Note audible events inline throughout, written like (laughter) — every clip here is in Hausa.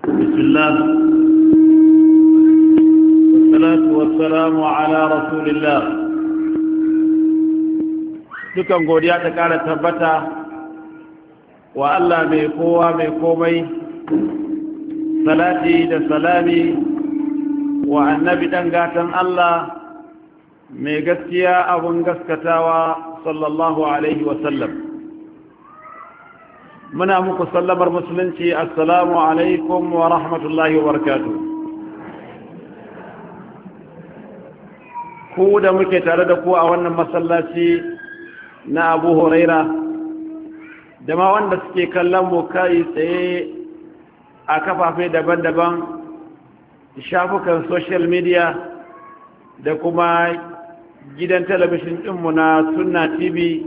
بسم الله والصلاة والسلام على رسول الله dukan godiya ta ƙara tabbata wa Allah mai kowa mai komai salati da salami wa annabi ɗan gatan Allah mai gaskiya abin gaskatawa sallallahu alaihi wasallam muna muku sallamar musulunci assalamu alaikum wa rahmatullahi wa barakatu ku da muke tare da ku a wannan masallaci na abu huraira da ma wanda suke kallon mu kai tsaye a kafafe daban-daban shafukan social media da kuma gidan talabishin ɗinmu na sunna tv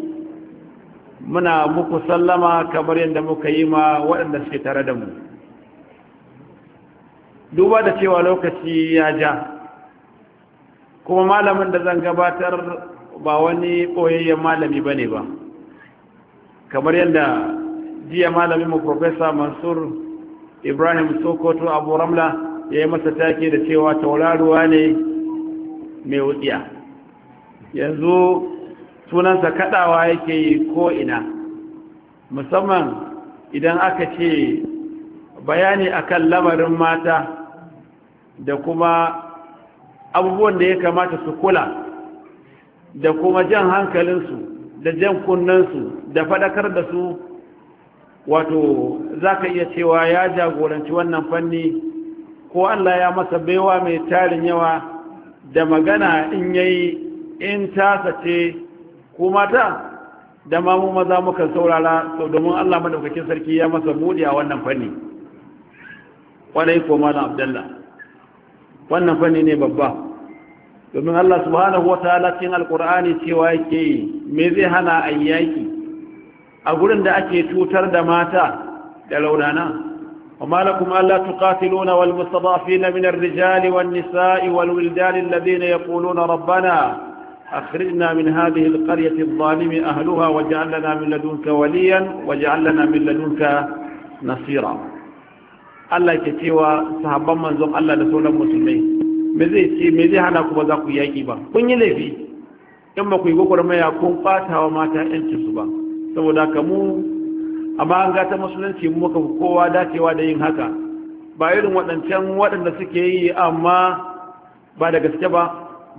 muna muku sallama kamar yadda muka yi ma waɗanda suke tare da mu duba da cewa lokaci ya ja kuma malamin da zan gabatar ba wani ɓoyayyen malami ba ne ba kamar yadda jiya malamin mu Profesa mansur ibrahim sokoto abu ramla ya yi masa take da cewa tauraruwa ne mai wutsiya yanzu sunansa kadawa yake yi ko ina musamman idan aka ce bayani akan lamarin mata da kuma abubuwan da ya kamata su kula da kuma jan hankalinsu da jan kunnensu da fadakar da su wato za ka iya cewa ya jagoranci wannan fanni ko Allah ya masa baiwa mai tarin yawa da magana in yayi in tasa ce ko mata da ma mu maza mukan saurara sau domin Allah madaukakin sarki ya masa buɗe a wannan fanni Kwanai ko mana abdullah wannan fanni ne babba domin Allah subhanahu wa ta'ala cikin alqur'ani cewa yake me zai hana a ayyaki a gurin da ake cutar da mata da launana وما لكم ألا تقاتلون والمستضعفين من الرجال والنساء والولدان الذين يقولون ربنا أخرجنا من هذه القرية الظالم أهلها واجعل لنا من لدنك وليا واجعل لنا من لدنك نصيرا Allah ke cewa sahabban manzon Allah da sauran musulmai me zai ce me zai hana ku ba za ku yaki ba kun yi laifi in ba ku yi gwagwarmaya kun ɓata wa mata yancin su ba saboda kamu. mu amma an gata musulunci mu muka kowa dacewa da yin haka ba irin waɗancan waɗanda suke yi amma ba da gaske ba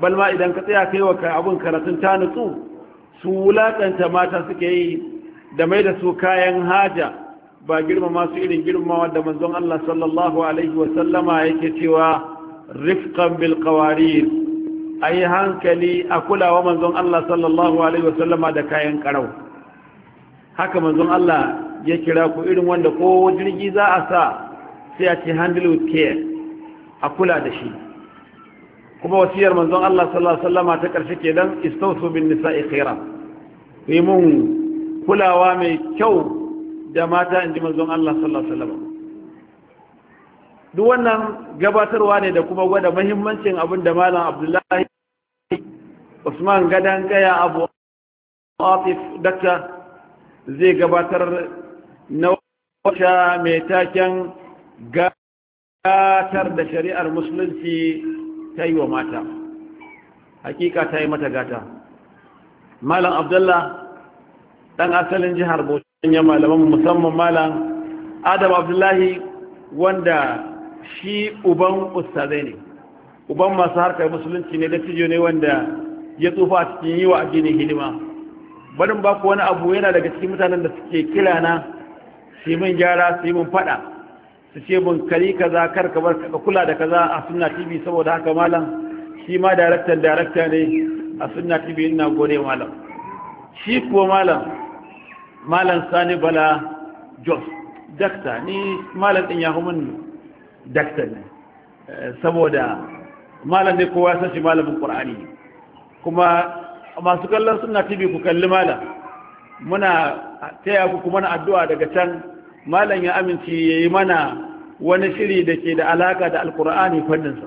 balma idan ka tsaya kai wa abun karatun ta nutsu su wulaƙanta mata suke yi da mai da su kayan haja ba girmama su irin girmama da manzon Allah sallallahu alaihi wa sallama yake cewa rifqan bil qawarir yi hankali a kulawa manzon Allah sallallahu alaihi wa sallama da kayan karau haka manzon Allah ya kira ku irin wanda ko jirgi za a sa sai a ce handle with care a kula da shi kuma wasiyar manzon Allah sallallahu alaihi wasallama ta karshe kenan istawsu bin nisa'i khaira yi mun kulawa mai kyau da mata inji manzon Allah sallallahu alaihi wasallama duk wannan gabatarwa ne da kuma gwada muhimmancin abin da malam Abdullahi Usman gadan kaya Abu Atif dakta zai gabatar na wata mai taken gatar da shari'ar musulunci ta yi wa mata hakika ta yi mata gata malam abdullah dan asalin jihar bauchi ya malaman musamman malam adam abdullahi wanda shi uban ustazai ne uban masu harkar musulunci ne dattijo ne wanda ya tsufa cikin yi wa addinin hidima barin ba wani abu yana daga cikin mutanen da suke kirana na mun gyara suyi mun min fada su ce mun kari kaza kar ka bar ka kula da kaza a sunna tv saboda haka malam shi ma daraktan darakta ne a sunna tv ina gode malam shi kuwa malam malam sani bala jos dakta ni malam din ya mun dakta ne eh, saboda malam ne kowa san shi malamin qur'ani kuma masu kallon sunna tv ku kalli malam muna taya ku kuma na addu'a daga can malam ya amince ya yi mana wani shiri da ke da alaka da alkur'ani fanninsa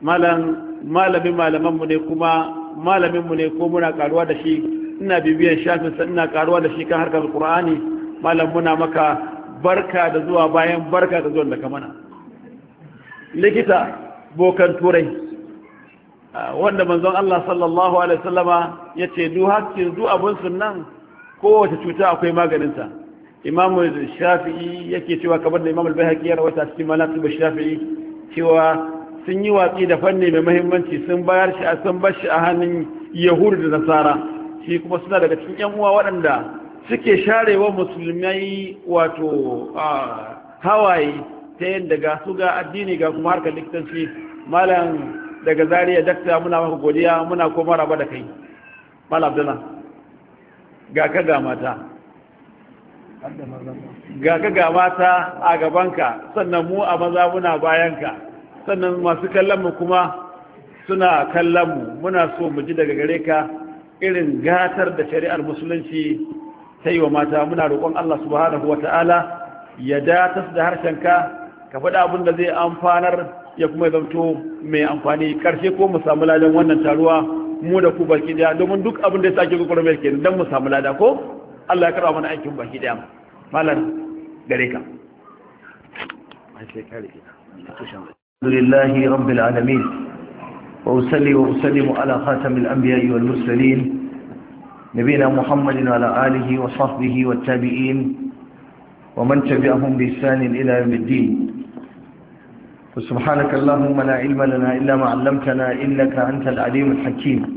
malamin malamanmu ne kuma malaminmu ne ko muna karuwa da shi ina bibiyan shafinsa ina karuwa da shi kan harkar alkur'ani malam muna maka barka da zuwa bayan barka da zuwan daga mana likita bokan turai ah, wanda manzon Allah sallallahu alaihi wasallama ya ce duk hakkin abun sunan kowace cuta akwai maganinta imamu shafi'i yake cewa kamar da imamu albayhaqi ya rawaita cikin manaqib shafi'i cewa sun yi watsi da fanni mai mahimmanci sun bayar shi a sun bashi a hannun yahudu da nasara shi kuma suna daga cikin yan uwa waɗanda suke sharewa musulmai wato hawaye ta yadda ga su ga addini ga kuma harkar likitanci malam daga zariya dakta muna maka godiya muna kuma raba da kai malam abdullah ga ka ga mata ga ka ga mata a gabanka sannan mu a maza muna bayanka sannan masu kallon mu kuma suna kallon mu muna so mu ji daga gare ka irin gatar da shari'ar musulunci ta yi wa mata muna roƙon Allah subhanahu wa ta'ala ya datas da harshen ka ka faɗa abin da zai amfanar ya kuma zamto mai amfani ƙarshe ko mu samu ladan wannan taruwa mu da ku baki da domin duk abin da ya sake mai kenan don mu samu lada ko Allah ya karɓa mana aikin baki ɗaya malar gare ka Alhamdulillahi rabbil alamin wa usalli wa usallimu ala khatamil anbiya wal mursalin nabiyina muhammadin ala alihi wa sahbihi wa tabi'in wa man tabi'ahum bi ihsanin ila yawmiddin wa subhanaka allahumma la ilma lana illa ma 'allamtana innaka antal alim al hakim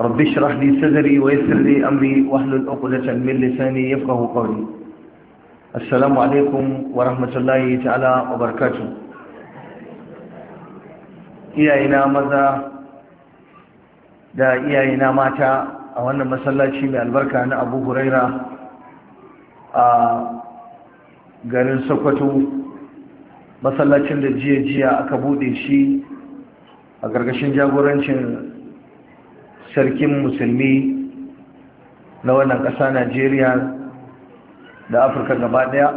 رب اشرح لي صدري ويسر لي امري واحلل عقدة من لساني يفقهوا قولي السلام عليكم ورحمة الله تعالى وبركاته iyayena maza da iyayena mata a wannan masallaci mai albarka na abu huraira a garin sokoto masallacin da jiya-jiya aka bude shi a gargashin jagorancin sarkin musulmi na wannan ƙasa najeriya da afirka gaba ɗaya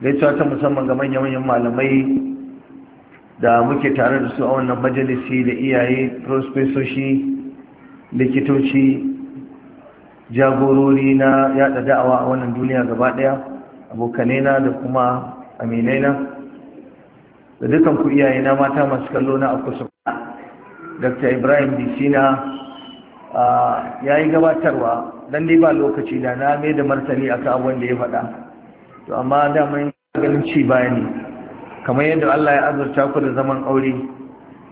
ya ta musamman ga manya-manyan malamai da muke tare da su a wannan majalisi da iyaye prospesoshi likitoci jagorori na yada da'awa a wannan duniya gaba ɗaya abokanena da kuma aminaina da dukan ku iyaye na mata masu kallo na a kusa dr ibrahim disina ya yi gabatarwa don dai ba lokaci da na mai da martani akan abin da ya faɗa to amma daman ganin ci baya ne kamar yadda Allah ya azurta ku da zaman aure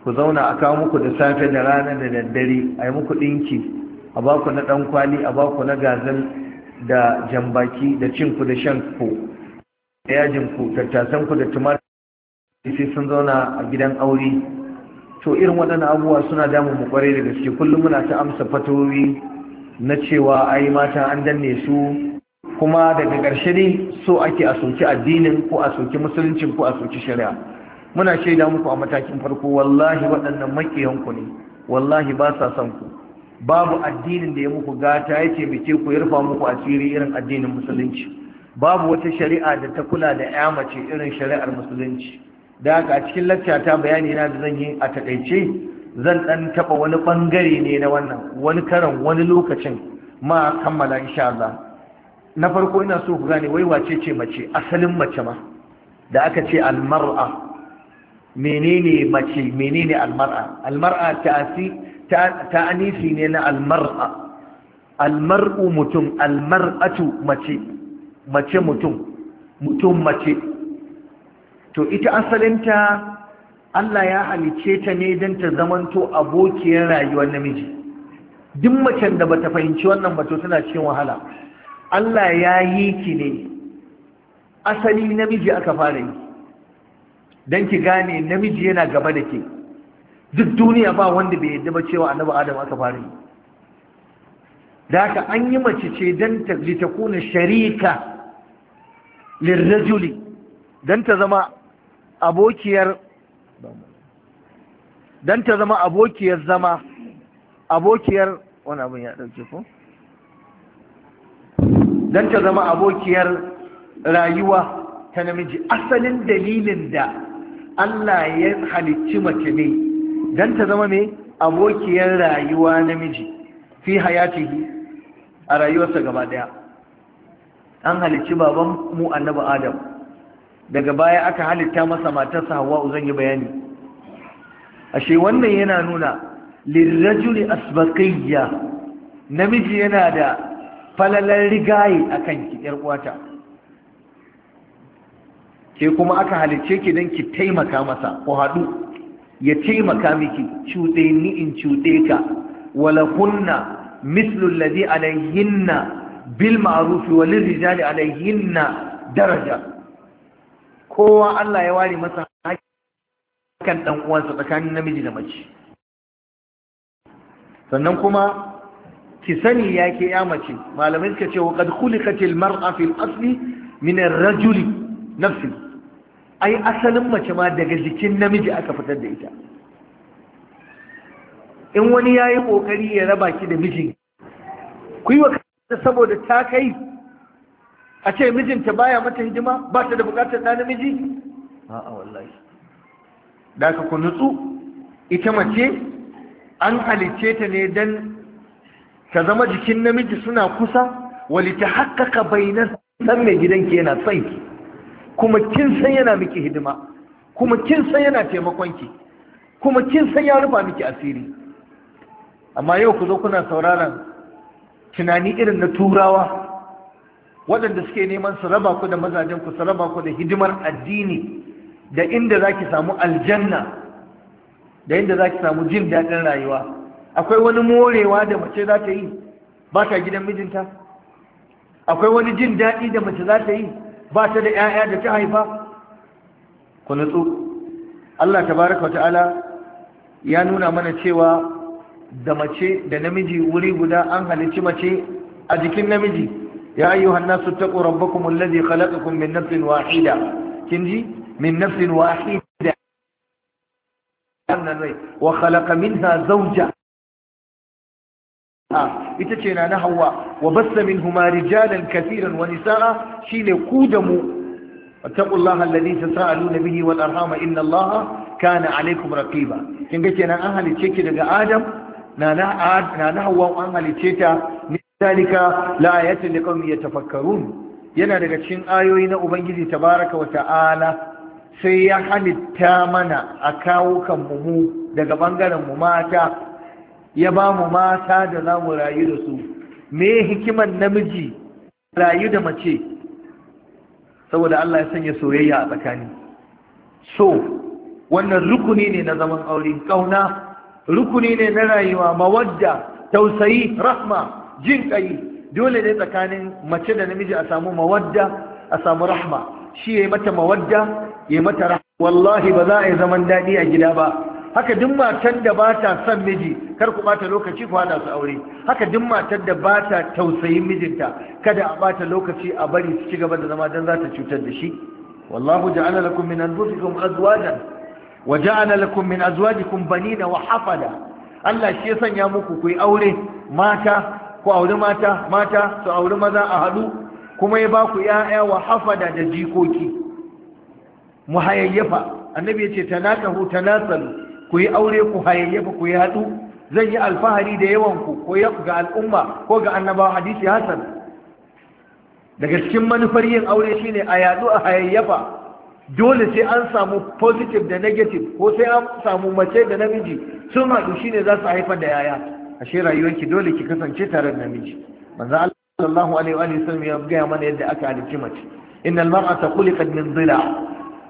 ku zauna a kawo muku da safe da rana da daddare a yi muku ɗinki a ba ku na ɗan kwali a ba ku na gazal da jambaki da cinku da shan ku da yajin ku tattasan ku da tumatir sai sun zauna a gidan aure to irin waɗannan abubuwa suna damun mu kwarai da gaske kullum muna ta amsa fatoyi na cewa ai mata an danne su kuma daga ƙarshe ne so ake a soki addinin ko a soki musuluncin ko a soki shari'a muna shaida muku a matakin farko wallahi waɗannan makiyanku ne wallahi ba sa son ku babu addinin da ya muku gata ya taimake ku ya rufa muku asiri irin addinin musulunci babu wata shari'a da ta kula da ya mace irin shari'ar musulunci da haka a cikin lacca ta bayani na da zan yi a takaice zan dan taba wani bangare ne na wannan wani karan wani lokacin ma kammala insha Allah na farko ina so ku gane wai wace ce mace asalin mace ma da aka ce almar'a menene mace menene almar'a almar'a ta'asi anisi ne na almar'a almar'u mutum almar'atu mace mace mutum mutum mace to ita asalinta Allah ya halice ta ne don ta zamanto abokiyar rayuwar namiji duk macen da bata fahimci wannan ba tana cikin wahala Allah ya yi ki ne asali namiji aka fara yi don ki gane namiji yana gaba da ke duk duniya ba wanda bai yadda ba cewa annabi adam aka fara yi da haka an yi mace ce don ta litakuna sharika lirrajuli don ta zama abokiyar don ta zama abokiyar zama abokiyar wani abin ya ɗauke ko don ta zama abokiyar rayuwa ta namiji asalin dalilin da Allah ya halicci mace ne don ta zama mai abokiyar rayuwa namiji fi hayati a rayuwarsa gaba ɗaya. an halicci baban mu annabi adam daga baya aka halitta masa matarsa hawa zan yi bayani ashe wannan yana nuna lirrajuli asbaqiyya namiji yana da falalar rigaye akan ki yar uwata ke kuma aka halicce ki dan ki taimaka masa ko hadu ya taimaka miki cuɗe ni in cuɗe ka wala kunna mislu alladhi alayhinna bil ma'ruf wa lirrijali alayhinna daraja kowa Allah ya ware masa hakan dan uwansa tsakanin namiji da mace sannan kuma ki sani ya ke ya mace malamai suka ce wa qad khuliqatil mar'a fil asli min ar-rajuli nafsi ai asalin mace ma daga jikin namiji aka fitar da ita in wani yayi kokari ya raba ki da miji ku yi wa saboda ta kai a ce mijinta baya mata hidima ba ta da bukatar da namiji a'a wallahi da ka ku nutsu ita mace an haliceta ta ne dan ta zama jikin namiji suna kusa wali ta haƙƙaƙa bainar san mai gidanki yana son kuma kin san yana miki hidima kuma kin san yana taimakon ki kuma kin san ya rufa miki asiri amma yau ku zo kuna sauraron tunani irin na turawa waɗanda suke neman su raba ku da mazajen ku su raba ku da hidimar addini da inda za ki samu aljanna da inda za ki samu jin daɗin rayuwa akwai wani morewa da mace za ta yi ba ta gidan mijinta akwai wani jin daɗi da mace za ta yi ba ta da 'ya'ya da ta haifa ku nutsu Allah tabaraka ta'ala ya nuna mana cewa da mace da namiji wuri guda an halicci mace a jikin namiji يا أيها الناس اتقوا ربكم الذي خلقكم من نفس واحدة كنجي من نفس واحدة وخلق منها زوجة آه، إتتنا نهوى وبث منهما رجالا كثيرا ونساء شين قودموا اتقوا الله الذي تساءلون به والأرحام إن الله كان عليكم رقيبا كنجي أنا أهل تشكي لك آدم na na hawa an zalika la ayatin ya yatafakkarun yana daga cikin ayoyi na ubangiji ta baraka wa ta'ala sai ya halitta mana a kawukan mu daga bangaren mu mata ya ba mu mata da za mu rayu da su me hikimar namiji rayu da mace saboda Allah ya sanya soyayya a tsakani so wannan rukuni ne na zaman aure kauna rukuni ne na rayuwa mawadda tausayi rahma jin kai dole ne tsakanin mace da namiji a samu mawadda a samu rahma shi ya yi mata mawadda ya yi mata rahma wallahi ba za a yi zaman daɗi a gida ba haka duk matan da ba ta son miji kar ku bata lokaci ku hada su aure haka duk matan da ba ta tausayin mijinta kada a bata lokaci a bari su ci gaba da zama dan za ta cutar da shi wallahu ja'ala lakum min anfusikum azwajan wa ja'ala lakum min azwajikum banina wa hafada Allah shi ya sanya muku ku yi aure mata ku auri mata mata su auri maza a haɗu kuma ya ba ku ‘ya'ya wa hafada da jikoki mu hayayyafa annabi ya ce tanakahu tanasalu ku yi aure ku hayayyafa ku yi haɗu zan yi alfahari da yawanku ko ga al'umma ko ga annabawa hadisi hasan daga cikin manufar yin aure shine a yaɗu a hayayyafa dole sai an samu positive da negative ko sai an samu mace da namiji sun haɗu shine za su haifar da yaya ashe rayuwarki dole ki kasance tare da namiji manzo Allah sallallahu alaihi wa sallam ya gaya mana yadda aka halicci mace innal mar'ata khuliqat min dhila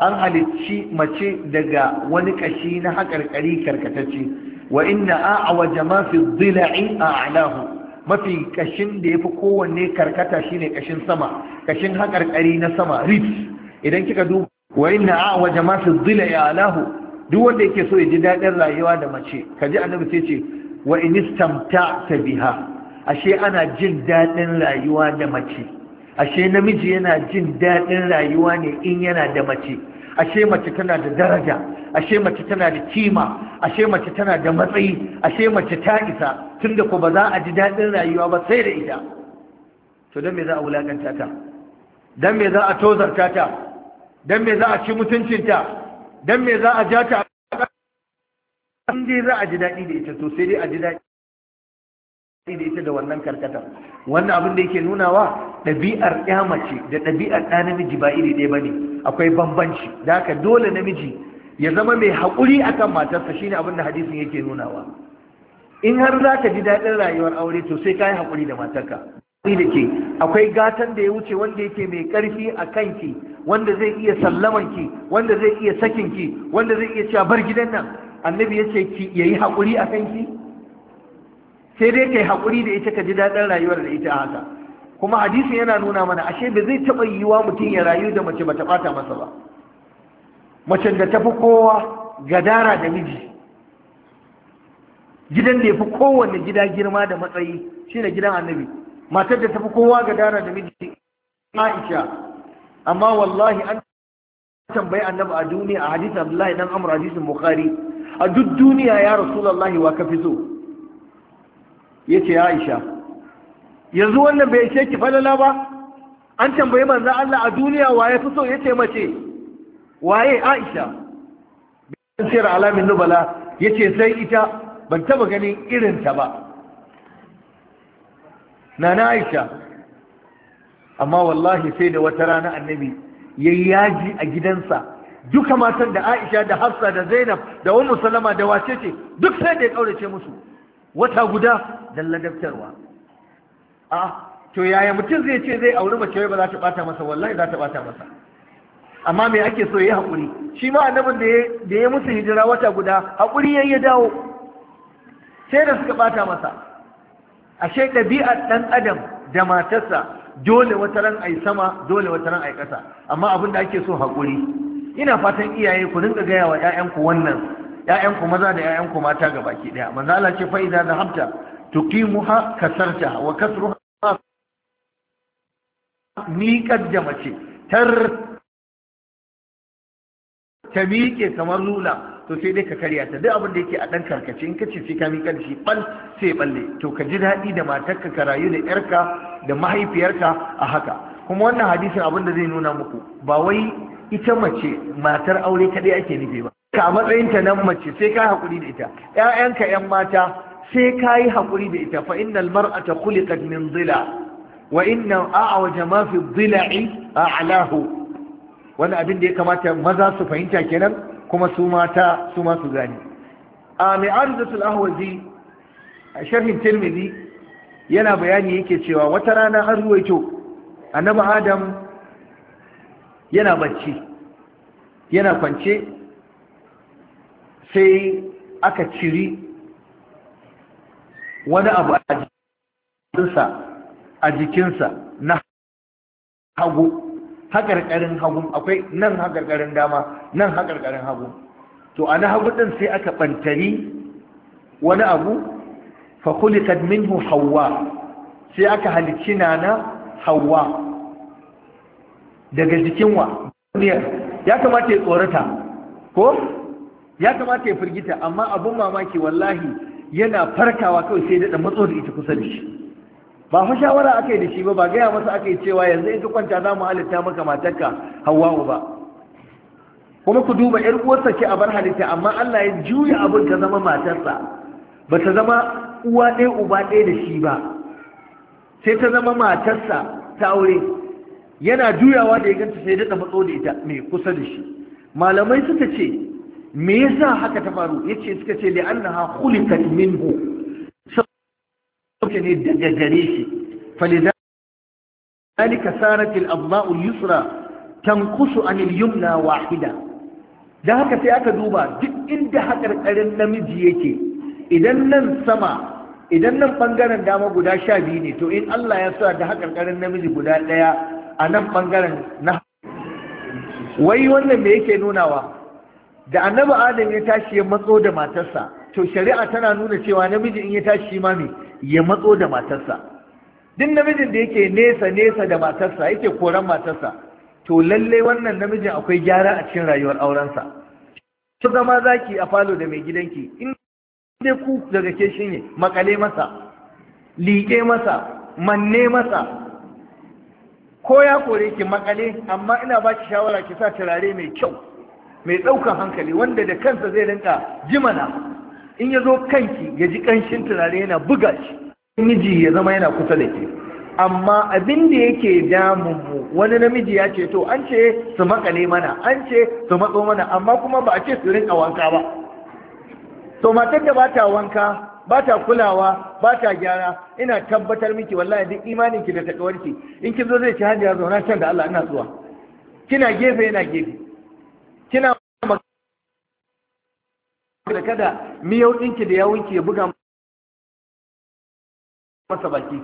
an halicci mace daga wani kashi na hakarkari karkatacce wa inna a'waja ma fi dhila'i a'lahu mafi kashin da yafi kowanne karkata shine kashin sama kashin hakarkari na sama ribs idan kika duba wa inna a'waja ma fi dhila'i a'lahu duk wanda yake so ya ji dadin rayuwa da mace kaji annabi sai ce wa in istamta'ta biha ashe ana jin daɗin rayuwa da mace ashe namiji yana jin daɗin rayuwa ne in yana da mace ashe mace tana da daraja ashe mace tana da kima ashe mace tana da matsayi ashe mace ta isa tunda ko ba za a ji daɗin rayuwa ba sai da ita to don me za a wulakanta ta don me za a tozarta ta don me za a ci mutuncinta don me za a ja ta an dai za a ji daɗi da ita to sai dai a ji daɗi da ita da wannan karkatar wannan abin da yake nunawa ɗabi'ar ya mace da ɗabi'ar ɗa namiji ba iri ɗaya ne, akwai bambanci da haka dole namiji ya zama mai haƙuri akan matarsa shine abin da hadisin yake nunawa in har za ka ji daɗin rayuwar aure to sai ka yi haƙuri da matarka da ke akwai gatan da ya wuce wanda yake mai ƙarfi a kanki wanda zai iya sallamanki wanda zai iya sakinki wanda zai iya cewa bar gidan nan annabi ya ce ya yi haƙuri a kanki sai dai ka yi haƙuri da ita ka ji daɗin rayuwar da ita haka kuma hadisin yana nuna mana ashe ba zai taɓa yi wa mutum ya rayu da mace ba bata ɓata masa ba macen da tafi kowa gadara da miji gidan da ya fi kowanne gida girma da matsayi shine gidan annabi matar da tafi kowa gadara da miji Aisha amma wallahi an tambayi annabi a duniya a hadisin Abdullahi dan amur hadisin Bukhari a duk duniya ya rasulullahi wa ka so ya ce ya aisha yanzu wannan bai ishe ki falala ba an tambayi manzo Allah a duniya wa ya fi so ya ce mace waye aisha bayan sayar alamin nubala ya ce sai ita ban taba ganin irinta ba na na aisha amma wallahi sai da wata rana annabi ya yaji a gidansa duka matan da Aisha da Hafsa da Zainab da Ummu Salama da wace ce duk sai da ya kaurace musu wata guda dan ladabtarwa a to yaya mutum zai ce zai auri mace wai ba za ta bata masa wallahi za ta bata masa amma me ake so ya haƙuri shi ma annabin da ya musu hijira wata guda haƙuri ya ya dawo sai da suka bata masa ashe ɗabi'ar ɗan adam da matarsa dole wata ran ai sama dole wata ran ai ƙasa amma abin da ake so haƙuri ina fatan iyaye ku dinga gaya wa 'ya'yanku wannan ƴaƴanku maza da 'ya'yanku mata ga baki daya manzo Allah ce fa idza tuqimu ha kasarta wa ha ni da mace tar ta miƙe kamar lula to sai dai ka karya ta duk abin da yake a ɗan karkace in ka ce sai ka miƙa shi bal sai balle to ka ji daɗi da matarka ka rayu da yarka da mahaifiyarka a haka kuma wannan hadisin abin da zai nuna muku ba wai ita mace matar aure kadai ake nufi ba ka matsayin ta nan mace sai ka hakuri da ita ƴaƴanka ƴan mata sai ka yi hakuri da ita fa innal mar'ata khuliqat min dhila wa inna a'waja ma fi dhila'i a'lahu wani abin da ya kamata maza su fahimta kenan kuma su mata su ma su gane a mai arzatul ahwazi a sharhin tirmidhi yana bayani yake cewa wata rana an ruwaito annabi adam yana bacci yana kwance sai aka ciri wani abu a jikinsa na hagu haƙarƙarin hagu akwai nan haƙarƙarin dama nan haƙarƙarin hagu to a na hagu ɗin sai aka ɓantari wani abu Fa fakulikat minhu hawa sai aka halicci na. hawa daga jikin wa ya kamata ya tsorata ko ya kamata ya firgita amma abun mamaki wallahi yana farkawa kawai sai da matso da ita kusa da shi ba fa shawara aka da shi ba ba gaya masa aka cewa yanzu in ka kwanta za mu halitta maka matarka hawa'u ba kuma ku duba yar uwarsa ce a bar halitta amma Allah ya juya abin ta zama matarsa ba ta zama uwa ɗaya uba ɗaya da shi ba sai ta zama matarsa ta aure yana juyawa da ya ganta sai daɗa matso da ita mai kusa da shi malamai suka ce me yasa haka ta faru yace suka ce li'annaha khuliqat minhu sauke ne daga gare shi falidhalika sarat al-adma'u al-yusra tanqusu an al-yumna wahida da haka sai aka duba duk inda hakarkarin namiji yake idan nan sama idan nan bangaren dama guda sha biyu ne to in Allah ya sa da haƙarƙarin namiji guda ɗaya a nan ɓangaren na wai wannan me yake nunawa da annabi adam ya tashi ya matso da matarsa to shari'a tana nuna cewa namiji in ya tashi ma me ya matso da matarsa duk namijin da yake nesa nesa da matarsa yake koran matarsa to lallai wannan namijin akwai gyara a cikin rayuwar aurensa su zama zaki a falo da mai gidanki in dai ku daga ke shi ne makale masa liƙe masa manne masa ko ya kore ki makale amma ina ba ki shawara ki sa turare mai kyau mai ɗaukan hankali wanda da kansa zai rinka jimana in ya zo kanki ya ji ƙanshin turare yana buga shi miji ya zama yana kusa da ke amma abin da yake damun mu wani namiji ya ce to an ce su makale mana an ce su matso mana amma kuma ba a ce su rinka wanka ba to matar da ba ta wanka ba ta kulawa ba ta gyara ina tabbatar miki wallahi duk imanin ki da takawarki in ki zo zai ci hajiya zauna can da Allah ina zuwa kina gefe yana gefe kina da kada miyau ɗinki da ki ya buga masa baki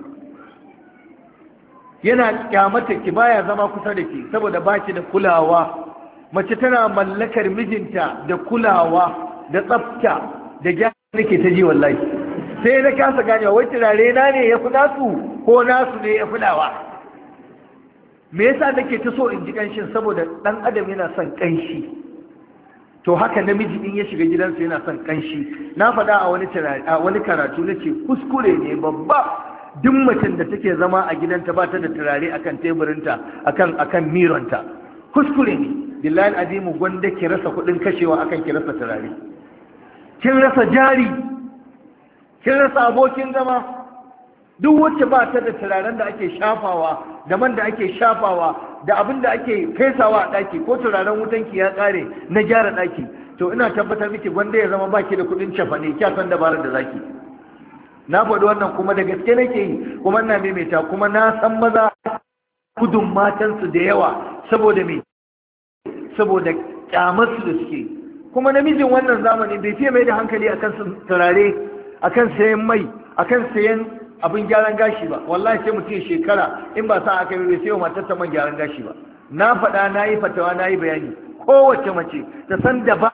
yana kyamata ki baya zama kusa da ki saboda baki da kulawa mace tana mallakar mijinta da kulawa da tsafta da gyara nake ta ji wallahi sai na kasa ganewa wai turare na ne ya fi nasu ko nasu ne ya fi dawa. me yasa nake ta so in ji kanshin saboda ɗan adam yana son kanshi to haka namiji in ya shiga gidansa yana son kanshi na faɗa a wani a wani karatu kuskure ne babba duk macen da take zama a gidanta ba ta da turare akan teburinta akan akan mironta kuskure ne billahi azimu gwanda ki rasa kuɗin kashewa akan ki rasa turare kin rasa jari kin rasa abokin zama duk wacce ba ta da turaren da ake shafawa da man da ake shafawa da abin da ake fesawa a ɗaki ko turaren wutanki ya kare na gyara ɗaki to ina tabbatar miki gwanda ya zama baki da kuɗin cefane kya san dabarar da zaki na faɗi wannan kuma da gaske nake yi kuma ina maimaita kuma na san maza gudun matansu da yawa saboda me saboda kyamarsu da suke kuma namijin wannan zamani bai fiye mai da hankali akan turare akan sayan mai akan sayan abin gyaran gashi ba wallahi sai mutum shekara in ba sa aka yi sai matar ta man gyaran gashi ba na faɗa na yi fatawa na yi bayani kowace mace ta san ba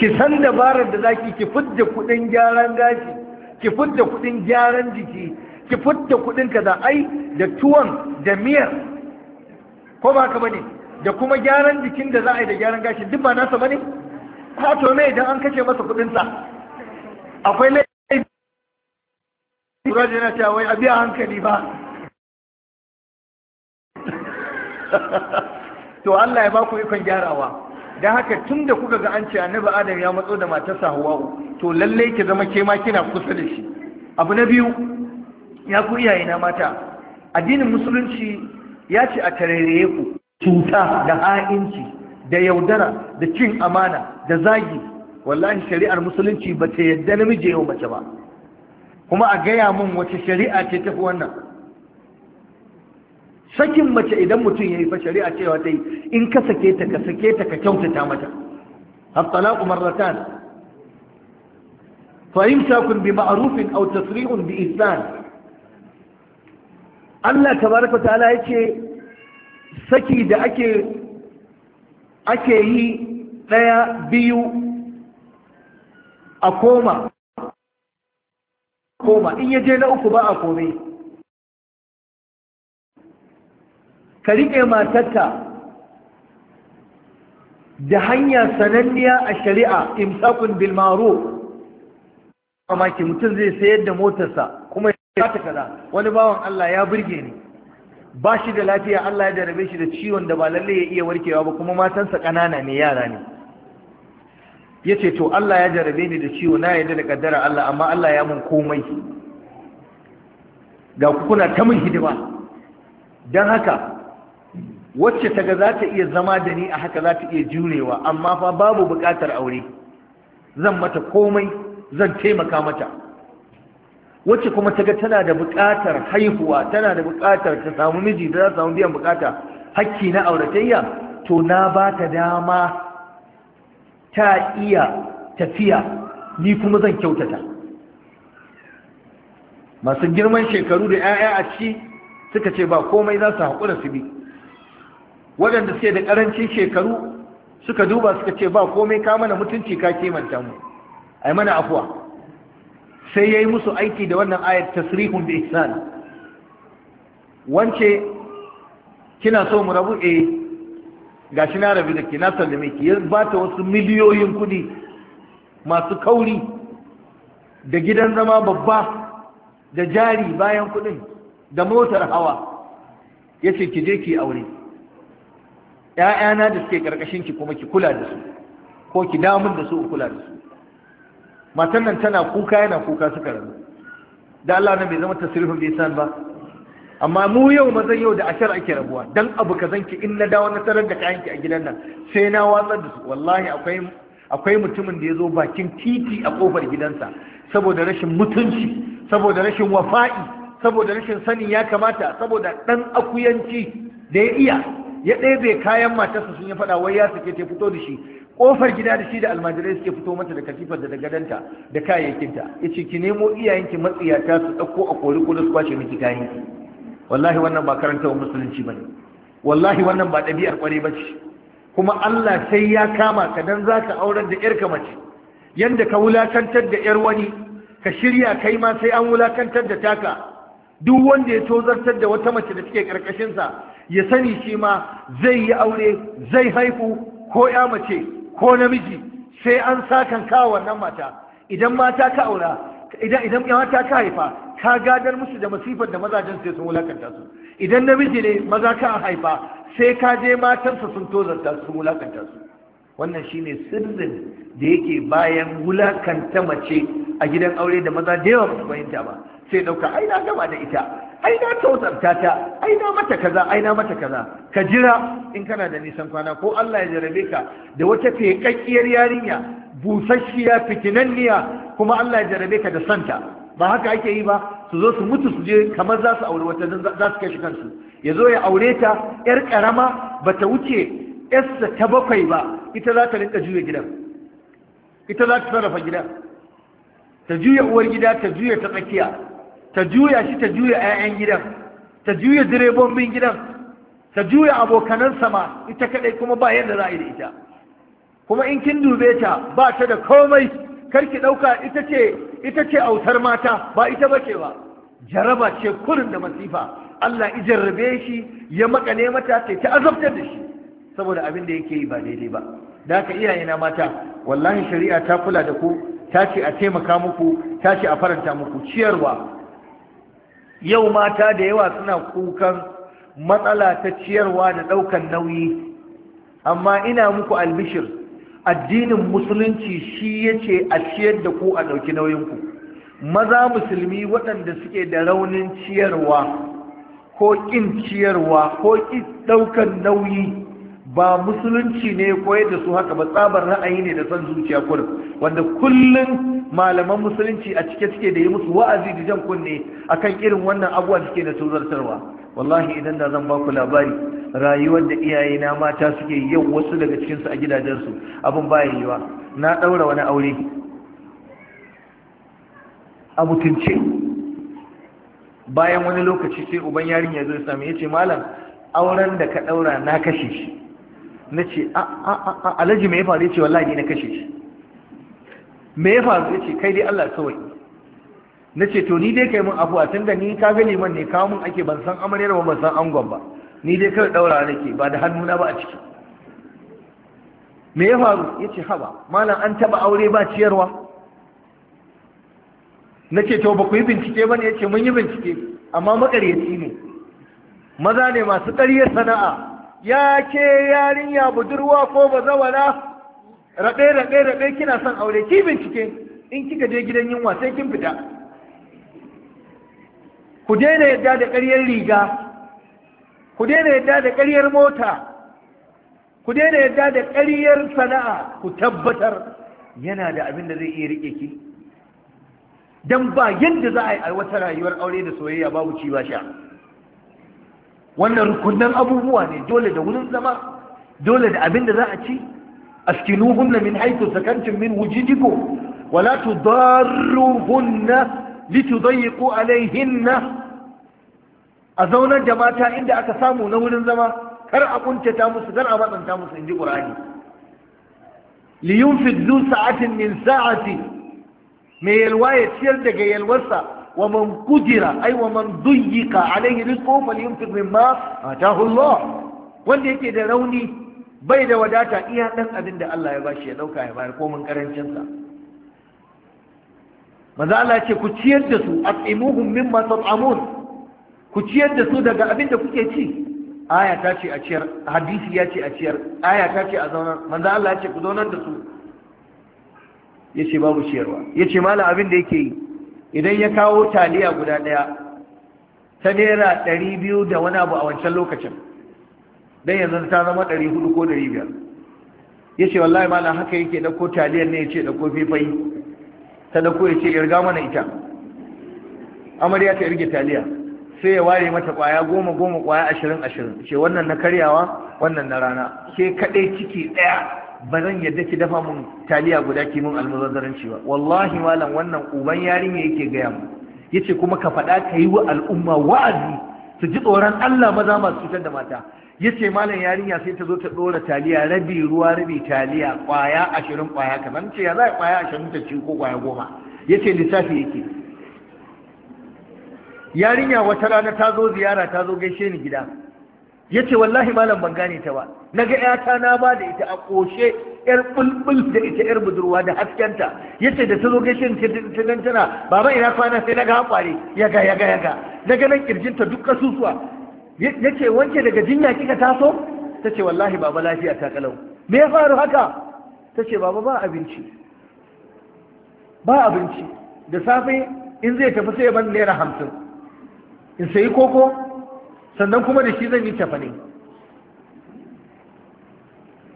ki san dabarar da zaki ki fidda kuɗin gyaran gashi ki fidda kuɗin gyaran jiki ki fidda kuɗin kaza ai da tuwon da miyar ko ba ka bane da kuma gyaran jikin da za a yi da gyaran gashi duk ba nasa bane kwato ne idan an kashe masa kudin sa akwai laifin lura da yana cewa wai a biya hankali ba (laughs) to Allah ya baku ikon gyarawa dan haka tun da kuka ga an ce annabi Adam ya matso da matarsa Hawwa'u to lallai ki zama ke kina kusa da shi abu na biyu ya ku iyaye mata addinin musulunci ya ce a tarairaye ku cuta da ha'inci da yaudara da cin amana da zagi wallahi shari'ar musulunci ba ta yadda namiji yau mace ba kuma a gaya min wace shari'a ce tafi wannan sakin mace idan mutum ya yi fa shari'a cewa ta yi in ka sake ta ka sake ta ka kyautata mata ratan. الطلاق مرتان bi ma'arufin أو bi islam Allah tabaraka ta'ala ce. saki da ake yi ɗaya biyu a koma koma in yaje na uku ba a komai ka riƙe matarka da hanya sananniya a shari'a imsakun Bilmaro. ma'ruf mamaki mutum zai sayar da motarsa kuma ya ta kada wani bawan Allah ya burge ni ba shi da lafiya Allah ya jarabe shi da ciwon da ba lalle ya iya warkewa ba kuma matansa ƙanana ne yara ne ya ce to Allah ya jarabe ni da ciwo na yadda da ƙaddara Allah amma Allah ya mun komai ga kuna ta mun hidima don haka wacce ta ga za ta iya zama da ni a haka za ta iya jurewa amma fa babu buƙatar aure zan mata komai zan taimaka mata wacce kuma ta ga tana da buƙatar haihuwa tana da buƙatar ta samu miji da za samu biyan buƙata hakki na auratayya to na ba ta dama ta iya tafiya ni kuma zan kyautata masu girman shekaru da 'ya'ya a ciki suka ce ba komai za su haƙura su bi waɗanda suke da ƙarancin shekaru suka duba suka ce ba komai ka mana mutunci ka kimanta mu ai mana afuwa sai ya yi musu aiki da wannan ayat tasrihun bi ihsan wance kina so mu rabu eh gashi na rabu da ki na sallame ki ya bata wasu miliyoyin kudi masu kauri da gidan zama babba da jari bayan kudin da motar hawa yace ki je ki aure ‘ya'yana da suke karkashin ki kuma ki kula da su ko ki damun da su kula da su matan nan tana kuka yana kuka suka rabu da Allah nan bai zama tasrifin lisan ba amma mu yau mazan yau da ashar ake rabuwa dan abu ka zanki in na dawo na tarar da kayanki a gidan nan sai na watsar da su wallahi akwai akwai mutumin da ya zo bakin titi a kofar gidansa saboda rashin mutunci saboda rashin wafa'i saboda rashin sani ya kamata saboda dan akuyanci da ya iya ya ɗebe kayan matarsa sun ya faɗa wai ya sake ta fito da shi kofar gida da shi da almajirai suke fito mata da katifar da gadanta da kayayyakinta ya ce ki nemo iyayenki matsiyata su ɗauko a kori ko da su kwashe miki kayanki wallahi wannan ba karanta wa musulunci ba ne wallahi wannan ba ɗabi'ar ƙwarai ba ce kuma Allah sai ya kama ka dan za ka aurar da 'yarka mace yadda ka wulakantar da 'yar wani ka shirya kai ma sai an wulakantar da taka duk wanda ya tozartar da wata mace da suke ƙarƙashinsa ya sani shi ma zai yi aure zai haihu ko ya mace ko namiji sai an sakan kawo wannan mata idan mata ka aura idan idan mata ka haifa ka gadar musu da masifar da mazajen sai sun wulakanta su idan namiji ne maza ka haifa sai ka je matansa sun tozarta su sun wulakanta su wannan shine sirrin da yake bayan wulakanta mace a gidan aure da maza da yawa ba fahimta ba sai dauka ai na gaba da ita ai na tozarta ta ai na mata kaza ai na mata kaza ka jira in kana da nisan kwana ko Allah ya jarabe ka da wata fekakkiyar yarinya busasshiya fitinanniya kuma Allah ya jarabe ka da santa ba haka ake yi ba su zo su mutu su je kamar za su aure wata za su kai shi kansu ya zo ya aure ta yar karama ba ta wuce yarsa ta bakwai ba ita za ta rinka juya gidan ita za ta sarrafa gidan ta juya uwar gida ta juya ta tsakiya ta juya shi ta juya 'ya'yan gidan ta juya direbobin gidan ta juya abokanan sama ita kadai kuma ba yadda za a yi da ita kuma in kin dube ta ba ta da komai Kar ki ɗauka ita ce ita ce autar mata ba ita ba ce ba jaraba ce kurin da masifa Allah i jarrabe shi ya ne mata ce ta azabtar da shi saboda abin da yake yi ba daidai ba da haka na mata wallahi shari'a ta kula da ku ta ce a taimaka muku ta ce a faranta muku ciyarwa yau mata da yawa suna kukan matsala ta ciyarwa da ɗaukan nauyi amma ina muku albishir addinin musulunci shi ya ce a ciyar da ku a ɗauki nauyinku maza musulmi waɗanda suke da raunin ciyarwa ko ƙin ciyarwa ko ƙin ɗaukan nauyi ba musulunci ne koyar da su haka ba tsabar ra'ayi ne da son zuciya kurin wanda kullum malaman musulunci a cike suke da yi musu wa'azi da jan kunne akan irin wannan abubuwa suke da tuzartarwa wallahi idan da zan ba ku labari rayuwar da iyaye na mata suke yau wasu daga cikinsu a gidajensu abin ba yiwa na ɗaura wani aure a mutunce bayan wani lokaci sai uban yarin ya zo ya sami ya ce malam auren da ka ɗaura na kashe shi na ce a alaji mai faru ya ce wallahi na kashe shi me ya faru ya ce kai dai Allah kawai na ce to ni dai kai mun abuwa, tun da ni ka gani man ne kawo mun ake ban san amaryar ba ban san angon ba ni dai kawai daura nake ba da hannuna ba a ciki me ya faru ya ce haba malam an taba aure ba ciyarwa na ce to ba ku yi bincike ba ne ya ce mun yi bincike amma makaryaci ne maza ne masu ƙaryar sana'a ya ke yarinya budurwa ko ba bazawara raɗe raɗe raɗe kina son aure ki bincike in kika je gidan yunwa sai kin fita ku daina yadda da ƙaryar riga ku daina yadda da ƙaryar mota ku daina yadda da ƙaryar sana'a ku tabbatar yana da abin da zai iya riƙe ki don ba yadda za a yi wata rayuwar aure da soyayya babu ci ba sha wannan rukunan abubuwa ne dole da wurin zama dole da abin da za a ci askinuhunna min haitu sakantum min wujidikum wala tudarruhunna litudayyiqu alaihinna a zaunar da mata inda aka samu na wurin zama kar a kuntata musu kar a matsanta musu in ji li yunfid zu sa'atin min sa'ati mai yalwa ya ciyar daga yalwarsa wa man kudira ai wa man duyyika alaihi rizquhu min ma, atahu Allah wanda yake da rauni bai da wadata iya dan abin da Allah ya bashi ya dauka ya bayar komin karancinsa maza Allah ce ku ciyar da su a min masu tsamun ku ciyar da su daga abin da kuke ci aya ta ce a ciyar hadisi ya ce a ciyar aya ta ce a zauna maza Allah ya ce ku zaunar da su Ya ce babu ciyarwa Ya ce mala abin da yake yi idan ya kawo taliya guda daya ta naira ɗari biyu da wani abu a wancan lokacin dan yanzu ta zama ɗari hudu ko ɗari biyar Ya ce wallahi mala haka yake ɗauko taliyar ne ya ce ɗauko fifai sadako ya ce irga mana ita amarya ta irge taliya sai ya ware mata kwaya goma goma kwaya ashirin ashirin ce wannan na karyawa wannan na rana ke kaɗai ciki ɗaya ba zan yadda ki dafa mun taliya guda ki mun almuzazzarin ba wallahi malam wannan uban yarinya yake gaya mu yace kuma ka faɗa ka yi wa al'umma wa'azi su ji tsoron Allah maza masu cutar da mata ya ce malam yarinya sai ta zo ta ɗora taliya rabi ruwa rabi taliya ƙwaya ashirin ƙwaya zan ce ya za a ƙwaya ashirin ta ci ko ƙwaya goma ya ce lissafi yake yarinya wata rana ta zo ziyara ta zo gaishe ni gida ya ce wallahi malam ban gane ta ba na ga yata na ba da ita a ƙoshe yar bulbul da ita yar budurwa da haskenta ya ce da ta zo gaishe ni ta nan tana baba ina kwana sai na ga haƙware yaga yaga yaga na ganin nan kirjinta duk kasusuwa yace wance daga jinya kika taso tace wallahi baba lafiya ta kalau me ya faru haka tace baba ba abinci ba abinci da safe in zai tafi sai ban naira hamsin in sayi koko sannan kuma da shi zan yi tafani.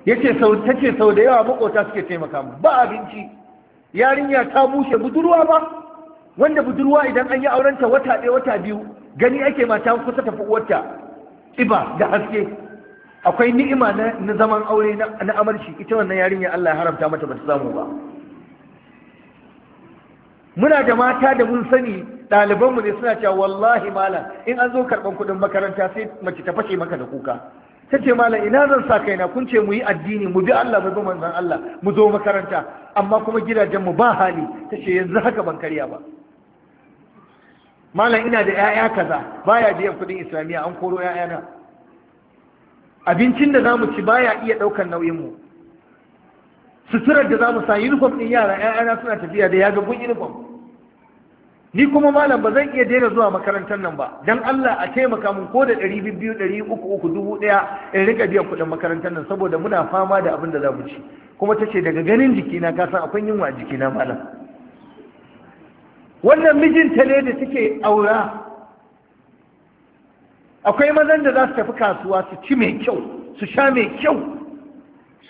yace sau tace sau da yawa makota suke taimaka ma. ba abinci yarinya ta bushe budurwa ba wanda budurwa idan an yi aurenta wata ɗaya wata biyu gani ake mata kusa tafi uwarta tsiba da haske akwai ni'ima na zaman aure na amarci ita wannan yarinya Allah ya haramta mata ba ta samu ba muna da mata da mun sani ɗalibanmu ne suna cewa wallahi malam in an zo karban kuɗin makaranta sai mace ta fashe maka da kuka ta ce malam ina zan sa kaina kun ce mu yi addini mu bi Allah mu bi manzon Allah mu zo makaranta amma kuma gidajen mu ba hali ta ce yanzu haka ban karya ba malam ina da 'ya'ya kaza baya biyan kudin islamiyya an koro 'yaya 'ya'yana abincin da za ci baya iya ɗaukan nauyinmu suturar da zamu sa uniform din yara yaya 'ya'yana suna tafiya da yaga gun uniform ni kuma malam ba zan iya daina zuwa makarantar nan ba dan Allah a taimaka mun ko da ɗari biyu ɗari uku uku dubu ɗaya in rika biyan kuɗin makarantar nan saboda muna fama da abin da za mu ci kuma ta ce daga ganin jikina ka san akwai yunwa a jikina malam wannan mijinta ne da take aura akwai mazan da za su tafi kasuwa su ci mai kyau su sha mai kyau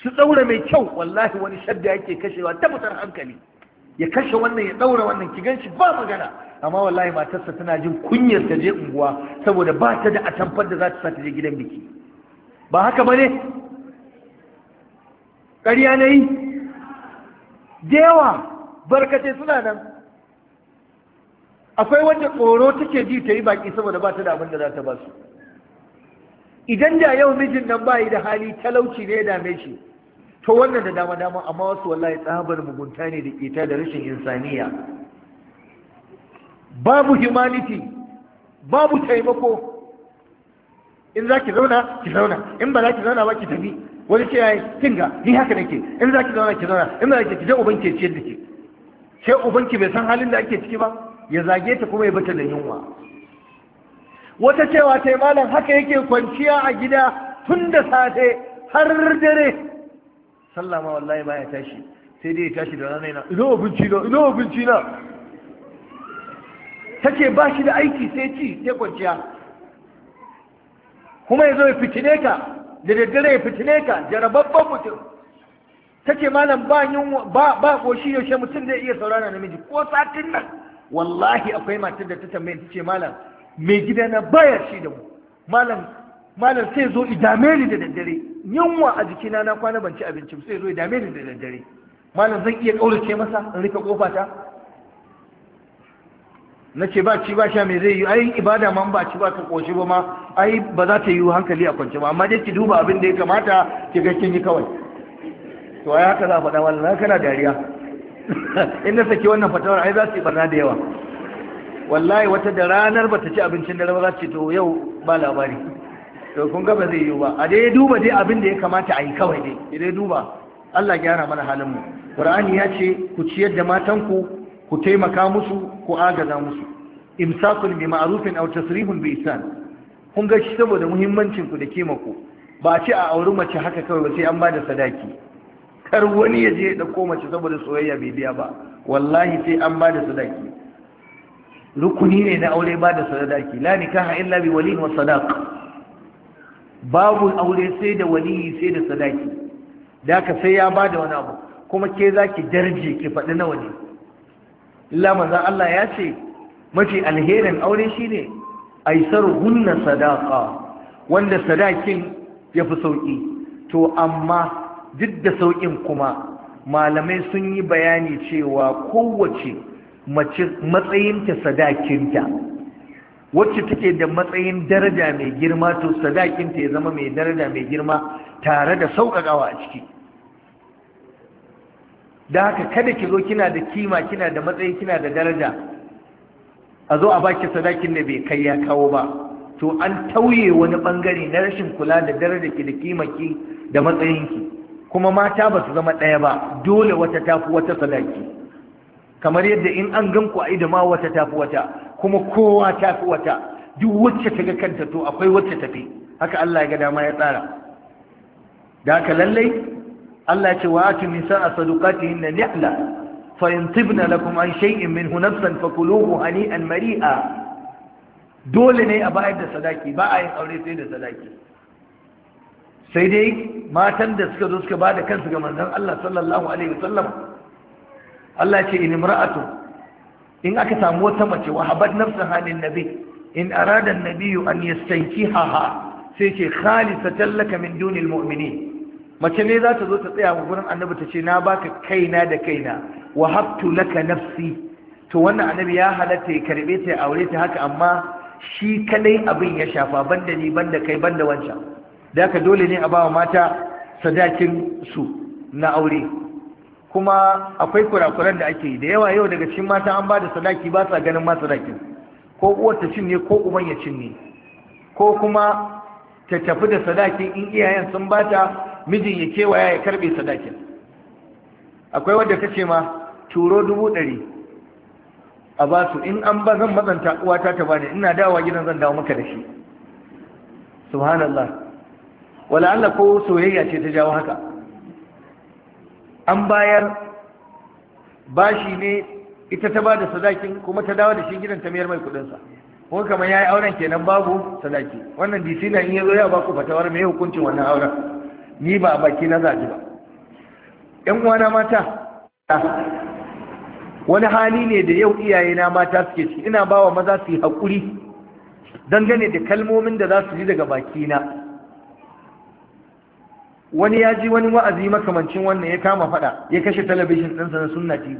su tsaura mai kyau wallahi wani shadda yake kashewa ta fitar hankali ya kashe wannan ya ɗaura wannan ki gan shi, ba magana amma wallahi matarsa tana jin kunyar ta je unguwa saboda ba ta da atamfar da za ta sa ta je gidan biki ba haka ba ne ƙarya na yi da yawa barkatai suna nan akwai wanda tsoro take ji ta yi baki saboda ba ta da abin da za ta ba su idan da yau mijin nan bayi da hali talauci ne ya dame shi to wannan da dama dama amma wasu wallahi tsabar mugunta ne da keta da rashin insaniya babu humanity babu taimako in za ki zauna ki zauna in ba za ki zauna ba ki tafi wani ce yayi kinga ni haka nake in za ki zauna ki zauna in ba za ki je uban ke ciyar da ke sai uban ki bai san halin da ake ciki ba ya zage ta kuma ya bata da yunwa wata cewa ta malam haka yake kwanciya a gida tun da safe har dare sallama wallahi baya tashi sai dai ya tashi da rana yana ina abinci na ina abinci na take ba shi da aiki sai ci sai kwanciya kuma ya zo ya fitine ka da daddare ya fitine ka jarababban mutum take malam ba yunwa ba ba koshi yaushe mutum zai iya saurara namiji ko satin nan wallahi akwai matar da ta tambaye ta ce malam mai gida na baya shi da mu malam malam sai zo idame ni da daddare yunwa a jikina na kwana ban ci abinci sai zo idame ni da daddare malam zan iya kaurace masa in rika kofa ta na ce ba ci ba sha mai zai yi ai ibada man ba ci ba ka koshi ba ma ai ba za ta yi hankali a kwance ba amma dai ki duba abin da ya kamata ki ga kin yi kawai to ai haka za a faɗa wallahi kana dariya (laughs) in na saki wannan fatawar ai za su yi barna da yawa wallahi wata da ranar ba ta ci abincin dare ba za ce to yau ba labari to kun ga ba zai yi ba a dai duba dai abin da ya kamata a yi kawai dai dai duba Allah gyara mana halin mu Qur'ani ya ce ku ciyar da matanku ku taimaka musu ku agaza musu imsakun bi ma'rufin aw tasrihun bi ihsan kun ga shi saboda muhimmancin ku da kemako ba a ce a auri mace haka kawai ba sai an bada sadaki kar wani ya je da koma mace saboda soyayya bai biya ba wallahi sai an ba da sadaki rukuni ne na aure ba da sadaki la nikaha illa bi waliyin wa sadaq babu aure sai da wali sai da sadaki da ka sai ya ba da wani abu kuma ke zaki darje ki faɗi nawa ne illa manzo Allah ya ce mafi alherin aure shine hunna sadaqa wanda sadakin yafi sauki to amma duk da sauƙin kuma malamai sun yi bayani cewa kowace matsayinta sadakinta wacce take da matsayin daraja mai girma to sadakinta ya zama mai daraja mai girma tare da sauƙaƙawa a ciki da haka kada ki zo kina da kima kina da matsayi kina da daraja a zo a baki sadakin da bai kai ya kawo ba to an tauye wani bangare na rashin kula da daraja ki da kimaki da matsayinki kuma mata ba su zama ɗaya ba dole wata tafi wata sadaki kamar yadda in an gan ku a ido ma wata tafi wata kuma kowa tafi wata duk wacce ta ga kanta to akwai wacce tafi haka Allah ya ga dama ya tsara da haka lallai Allah ya ce wa atu nisa sadaqatihinna ni'la fa in tibna lakum an shay'in minhu nafsan fakuluhu hani'an mari'a dole ne a bayar da sadaki ba a yin aure sai da sadaki sai dai matan da suka zo suka ba da kansu ga manzan Allah sallallahu alaihi wasallam Allah ce in imra'atu in aka samu wata mace wa habat nafsa halin nabi in arada an-nabiyyu an haha sai ce khalisa tallaka min dunil mu'minin mace ne za ta zo ta tsaya wa gurin annabi ta ce na baka kaina da kaina wa habtu laka nafsi to wannan annabi ya halatta ya karbe ta ya aure ta haka amma shi kadai abin ya shafa banda ni banda kai banda wancan da dole ne a ba mata sadakin su na aure kuma akwai kurakuran da ake yi da yawa yau daga cikin mata an ba da sadaki ba sa ganin ma sadakin ko uwar ta cinye ko uban ya cinye ko kuma ta tafi da sadakin in iyayen sun ba ta mijin ya kewaya ya karbe sadakin akwai wadda ta ce ma turo dubu ɗari a ba su in an ba zan matsanta uwata ta bani ina dawa gidan zan dawo maka da shi subhanallah wala Allah ko soyayya ce ta jawo haka an bayar bashi ne ita ta ba da sadakin kuma ta dawo da shi gidan ta mayar mai kudinsa kuma kamar ya yi auren kenan babu sadaki wannan dc na in ya zo ya ba ku fatawar mai hukuncin wannan auren ni ba a baki na zaji ba yan uwana mata wani hali ne da yau iyaye na mata suke ciki ina ba wa maza su yi haƙuri dangane da kalmomin da za su ji daga bakina wani ya ji wani wa'azi makamancin wannan ya kama fada ya kashe talabijin ɗinsa na sunna tv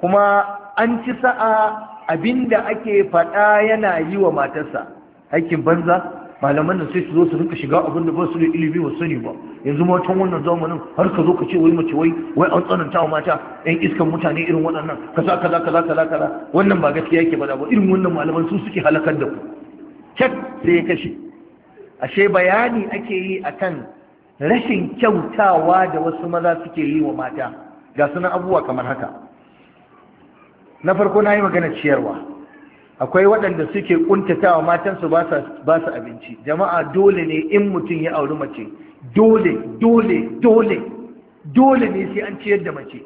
kuma an ci sa'a abinda ake fada yana yi wa matarsa aikin banza malaman nan sai su zo su rinka shiga abin da ba su da ilimi ba sani ba yanzu matan wannan zamanin har ka zo ka ce wai mace wai wai an tsananta wa mata ɗan iskan mutane irin waɗannan kaza kaza kaza kaza kaza wannan ba gaskiya yake ba ba irin wannan malaman su suke halakar da ku cak sai ya kashe ashe bayani ake yi akan rashin kyautawa da wasu maza suke yi wa mata ga sunan abubuwa kamar haka na farko na yi magana ciyarwa akwai waɗanda suke ƙuntatawa matansu ba su abinci jama'a dole ne in mutum ya auri mace dole dole dole dole ne sai an ciyar da mace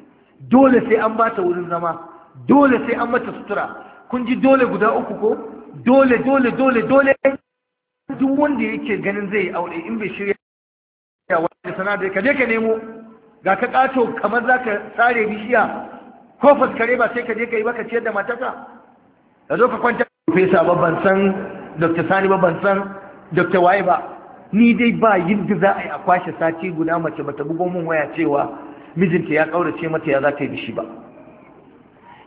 dole sai an ba ta wurin zama dole sai an mata sutura kun ji dole guda uku ko dole dole dole dole duk wanda yake ganin zai aure in bai shirya da ka je ka nemo ga ka kato kamar za ka tsare bishiya ko fuskare ba sai ka je ka yi baka ciyar da mataka ka zo ka kwanta fesa ba ban san dr sani ba san dr waye ba ni dai ba yadda za a yi a kwashe sati guda mace bata bugo min waya cewa mijinta ya kaurace mata ya za ta yi bishi ba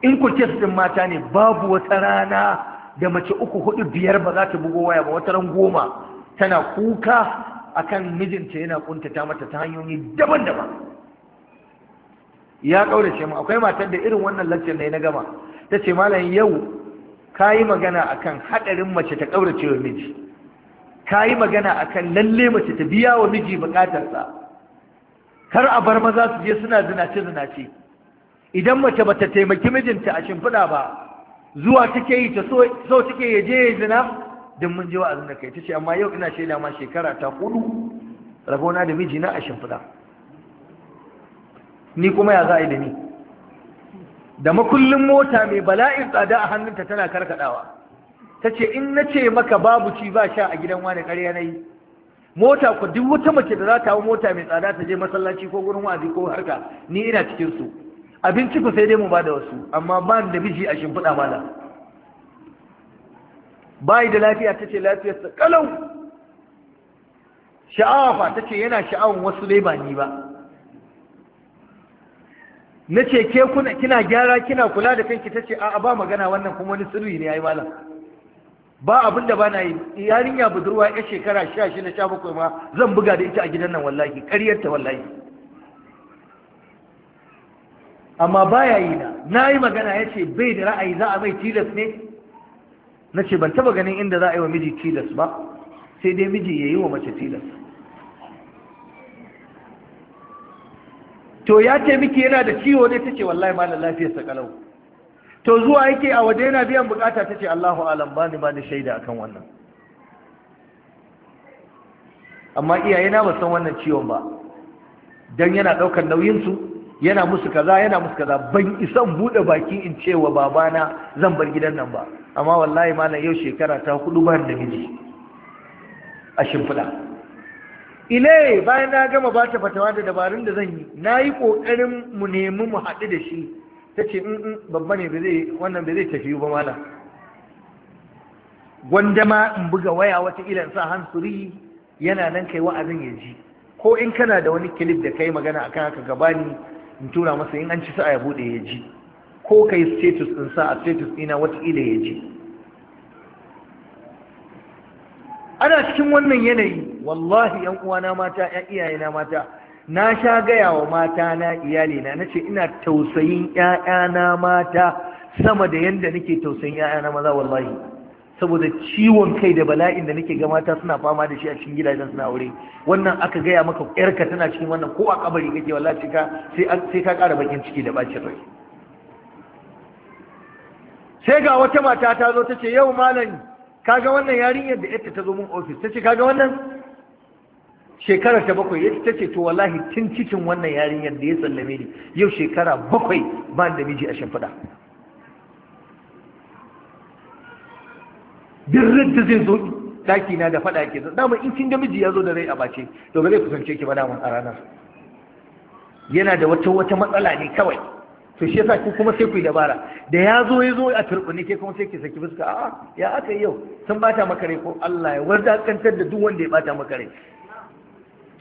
in ku kes din mata ne babu wata rana da mace uku hudu biyar ba za ta bugo waya ba wata ran goma tana kuka akan mijinta yana kuntata mata ta hanyoyi daban-daban ya ce ma akwai matar da irin wannan laccar ne na gama ta ce malam yau ka yi magana akan haɗarin mace ta kaurace wa miji ka yi magana akan lalle mace ta biya wa miji bukatarsa kar a bar maza su je suna zinace zinace idan mace bata taimaki mijinta a shimfiɗa ba zuwa take yi ta so take ya je ya zina don mun je wa'azin da kai ce, amma yau ina shaida ma shekara ta hudu rabona da mijina a shimfiɗa ni kuma ya za a yi da ni da makullin mota mai bala'in tsada a hannunta tana karkadawa ta ce in na ce maka babu ci ba sha a gidan wani ƙarya na yi mota ku duk wata mace da za ta hau mota mai tsada ta je masallaci ko gurin wazi ko harka ni ina cikin su abinci ku sai dai mu ba da wasu amma ba da miji a shimfiɗa mala bai da lafiya ta ce lafiyarsa kalau sha'awa fa ta ce yana sha'awun wasu dai ba ni ba na ce ke kuna kina gyara kina kula da kanki ta ce a'a ba magana wannan kuma wani sirri ne yayi malam ba abin da bana yi yarinya budurwa ya shekara sha na sha bakwai ma zan buga da ita a gidan nan wallahi ƙaryarta wallahi amma baya yi na na yi magana ya ce bai da ra'ayi za a mai tilas ne na ce ban taba ganin inda za a yi wa miji tilas ba sai dai miji ya yi wa mace tilas to ya ce miki yana da ciwo ne ta ce wallahi ma lafiyar sa kalau to zuwa yake a waje yana biyan bukata ta ce Allahu alam bani ni shaida akan wannan amma na ba san wannan ciwon ba dan yana daukar nauyin su yana musu kaza yana musu kaza ban isan bude baki in cewa babana zan bar gidan nan ba amma wallahi malam yau shekara ta hudu bayan da miji a shimfiɗa ile bayan na gama ba ta fatawa da dabarun da zan yi na yi ƙoƙarin mu nemi mu haɗu da shi ta ce in mm, mm, babba ne wannan ba zai tafi ba malam gwanda ma in buga waya wata ilan sa hansuri yana nan kai wa'azin ya ji ko in kana da wani kilif da kai magana akan haka gabani in tura masa in an ci sa'a ya bude ya ji ko kai status din sa a status ina wataƙila ya ji ana cikin wannan yanayi wallahi yan uwana mata iyayena mata na sha gaya wa mata na iyalina na ce ina tausayin ‘ya'yana mata sama da yadda nake tausayin na maza wallahi saboda ciwon kai da bala'in da nake ga mata suna fama da shi a cikin gidajen suna aure wannan aka gaya maka ‘yarka tana cikin wannan ko a kabari kake wallahi sai ka kara bakin ciki da bacin rai sai ga wata mata ta zo ta ce yau malam kaga wannan yarinyar da yadda ta zo mun ofis ta ce kaga wannan shekara ta bakwai yadda ta ce to wallahi tun cikin wannan yarinyar da ya sallame ni yau shekara bakwai ba da miji a shimfiɗa birrin da zai zo daki na da faɗa ke dama in kin ga miji ya zo da rai a bace to ba zai kusance ki ba daman a ranar yana da wata wata matsala ne kawai to shi yasa ku kuma sai ku yi dabara da ya zo ya zo a turbini ke kuma sai ki saki fuska a'a ya aka yau sun bata maka rai ko Allah ya kantar da duk wanda ya bata maka rai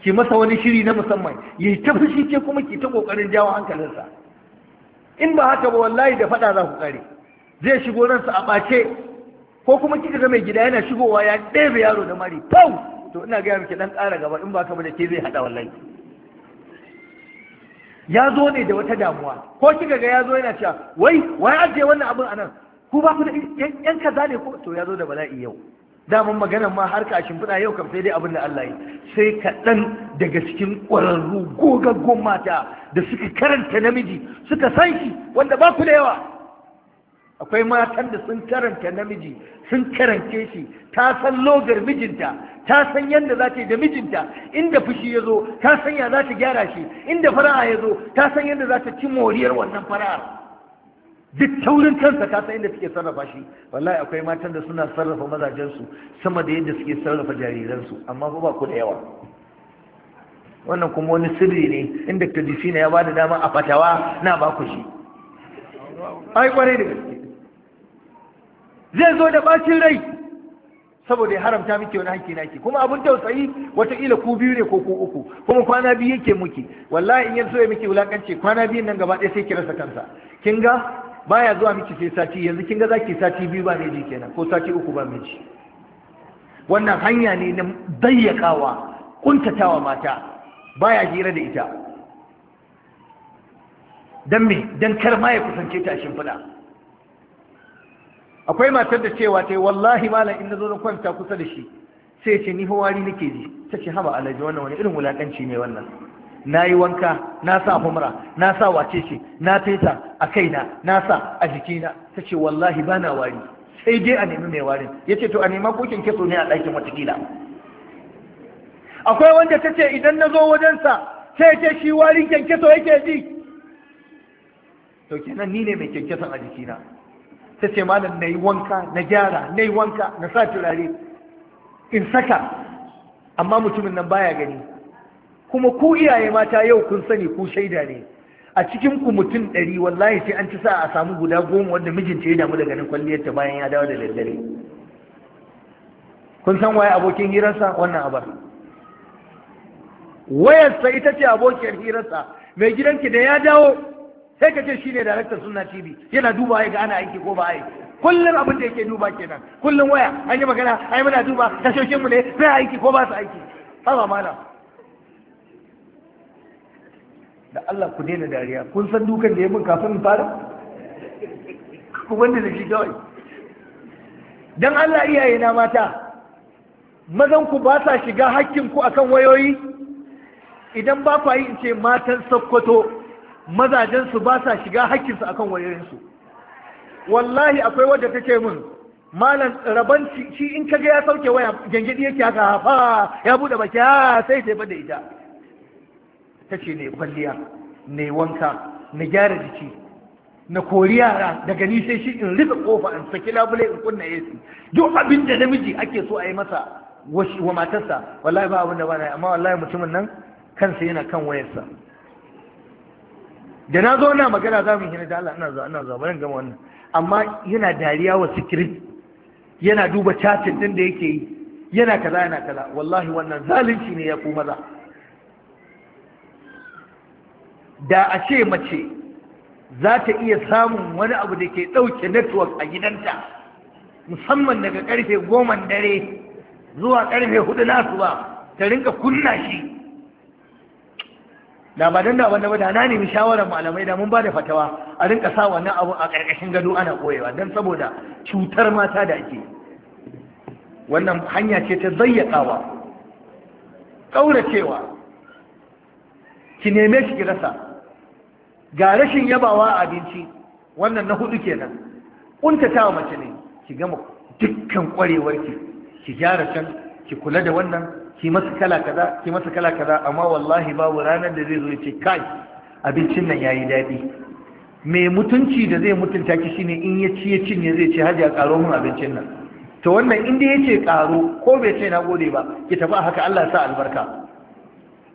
ki masa wani shiri na musamman yayi ta fushi ke kuma ki ta kokarin jawo hankalinsa in ba haka ba wallahi da fada za ku kare zai shigo sa a bace ko kuma kika ga mai gida yana shigowa ya ɗebe yaro da mari pau to ina ga miki dan ƙara gaba in ba ka ba ke zai hada wallahi ya zo ne da wata damuwa ko kika ga ya zo yana cewa wai wai ajiye wannan abin a nan? ku ba ku da yan kaza ne ko to ya zo da bala'i yau daman maganar ma har kashin fina yau kam sai dai abin da Allah yi sai kaɗan daga cikin ƙwararru gogaggon mata da suka karanta namiji suka san shi wanda ba ku da yawa akwai matan da sun karanta namiji sun karance shi ta san logar mijinta ta san yadda za ta yi da mijinta inda fushi ya zo ta san ya za ta gyara shi inda fara'a ya zo ta san yadda za ta ci moriyar wannan fara'ar duk taurin kansa ta san inda suke sarrafa shi wallahi akwai matan da suna sarrafa mazajensu sama da yadda suke sarrafa jariransu amma ba ba ku da yawa wannan kuma wani sirri ne inda kadisina ya ba da dama a fatawa na ba ku shi ai kwarai da gaske zai zo da bacin rai saboda ya haramta miki wani na naki kuma abun tausayi wataƙila ku biyu ne ko ku uku kuma kwana biyu yake muki. wallahi in yanzu ya miki wulakanci kwana biyun nan gaba ɗaya sai ki rasa kansa kin ga baya zuwa miki sai sati yanzu kin ga zaki sati biyu ba mai ji kenan ko sati uku ba mai ji wannan hanya ne na dayyakawa kuntatawa mata baya hira da ita dan me dan kar ma ya kusance ta shimfiɗa akwai matar da cewa ta yi wallahi malam in zo na kwanta kusa da shi sai ce ni hawari nake ji ta ce haba alaji wannan wani irin wulakanci ne wannan na yi wanka na sa humra na sa wace ce na fesa a kaina na sa a jikina ta ce wallahi ba na wari sai dai a nemi mai warin ya ce to a nema kokin kitso ne a ɗakin watakila akwai wanda ta ce idan na zo wajensa sai ce shi warin kyankyaso yake ji to kenan ni ne mai kyankyason a jikina ta ce malam na yi wanka na gyara na yi wanka na sa turare in saka amma mutumin nan baya gani kuma ku iyaye mata yau kun sani ku shaida ne a cikin ku mutum ɗari wallahi sai an ci sa a samu guda goma wanda mijinta ya damu da ganin ta bayan ya dawo da daddare kun san waye abokin hirarsa wannan abar wayarsa ita ce abokin hirarsa mai gidanki da ya dawo sai ka ce shi ne daraktan sunna tv yana duba ya ga ana aiki ko ba aiki kullum abin da yake duba kenan kullum waya an yi magana ai muna duba tashoshin mu ne sai aiki ko ba su aiki ba mana da Allah ku daina dariya kun san dukan da ya mun kafin in fara ku wanda da shi kawai dan Allah iyaye na mata mazan ku ba sa shiga hakkin ku akan wayoyi idan ba ku yi in ce matan sakkwato mazajensu ba sa shiga hakkinsu kan wayoyinsu wallahi akwai wadda ta ce min malam raban shi in kaga ya sauke waya gengedi yake haka fa ya bude baki ha sai sai bada ita ta ce ne kwalliya ne wanka na gyara jiki na kori yara daga ni sai shi in rufe kofa in saki labule in kunna yesu duk abin da namiji ake so a yi masa wa matarsa wallahi ba abin da ba amma wallahi mutumin nan kansa yana kan wayarsa da na zo na magana za mu yi da Allah ina zuwa ina zuwa bari gama wannan amma yana dariya wa sikirin yana duba chatin din da yake yi yana kaza yana kaza wallahi wannan zalunci ne ya ku maza da a ce mace za ta iya samun wani abu da ke ɗauke network a gidanta musamman daga karfe goma dare zuwa karfe hudu nasu ba ta rinka kunna shi da ba dan da ba da na nemi shawarar malamai da mun ba da fatawa a rinka sa wannan abu a ƙarƙashin gado ana koyewa don saboda cutar mata da ake wannan hanya ce ta zayyakawa ƙauracewa ki neme shi ki rasa ga rashin yabawa a abinci wannan na hudu kenan ƙuntatawa mace ne ki gama dukkan ƙwarewarki ki gyara can ki kula da wannan ki masa kala kaza ki masa kala kaza amma wallahi babu ranar da zai zo ya ce kai abincin nan yayi daɗi mai mutunci da zai mutunta ki shine in ya ci ya cinye zai ce a karo mun abincin nan to wannan inda ya ce karo ko bai ce na gode ba ki tafi a haka Allah ya sa albarka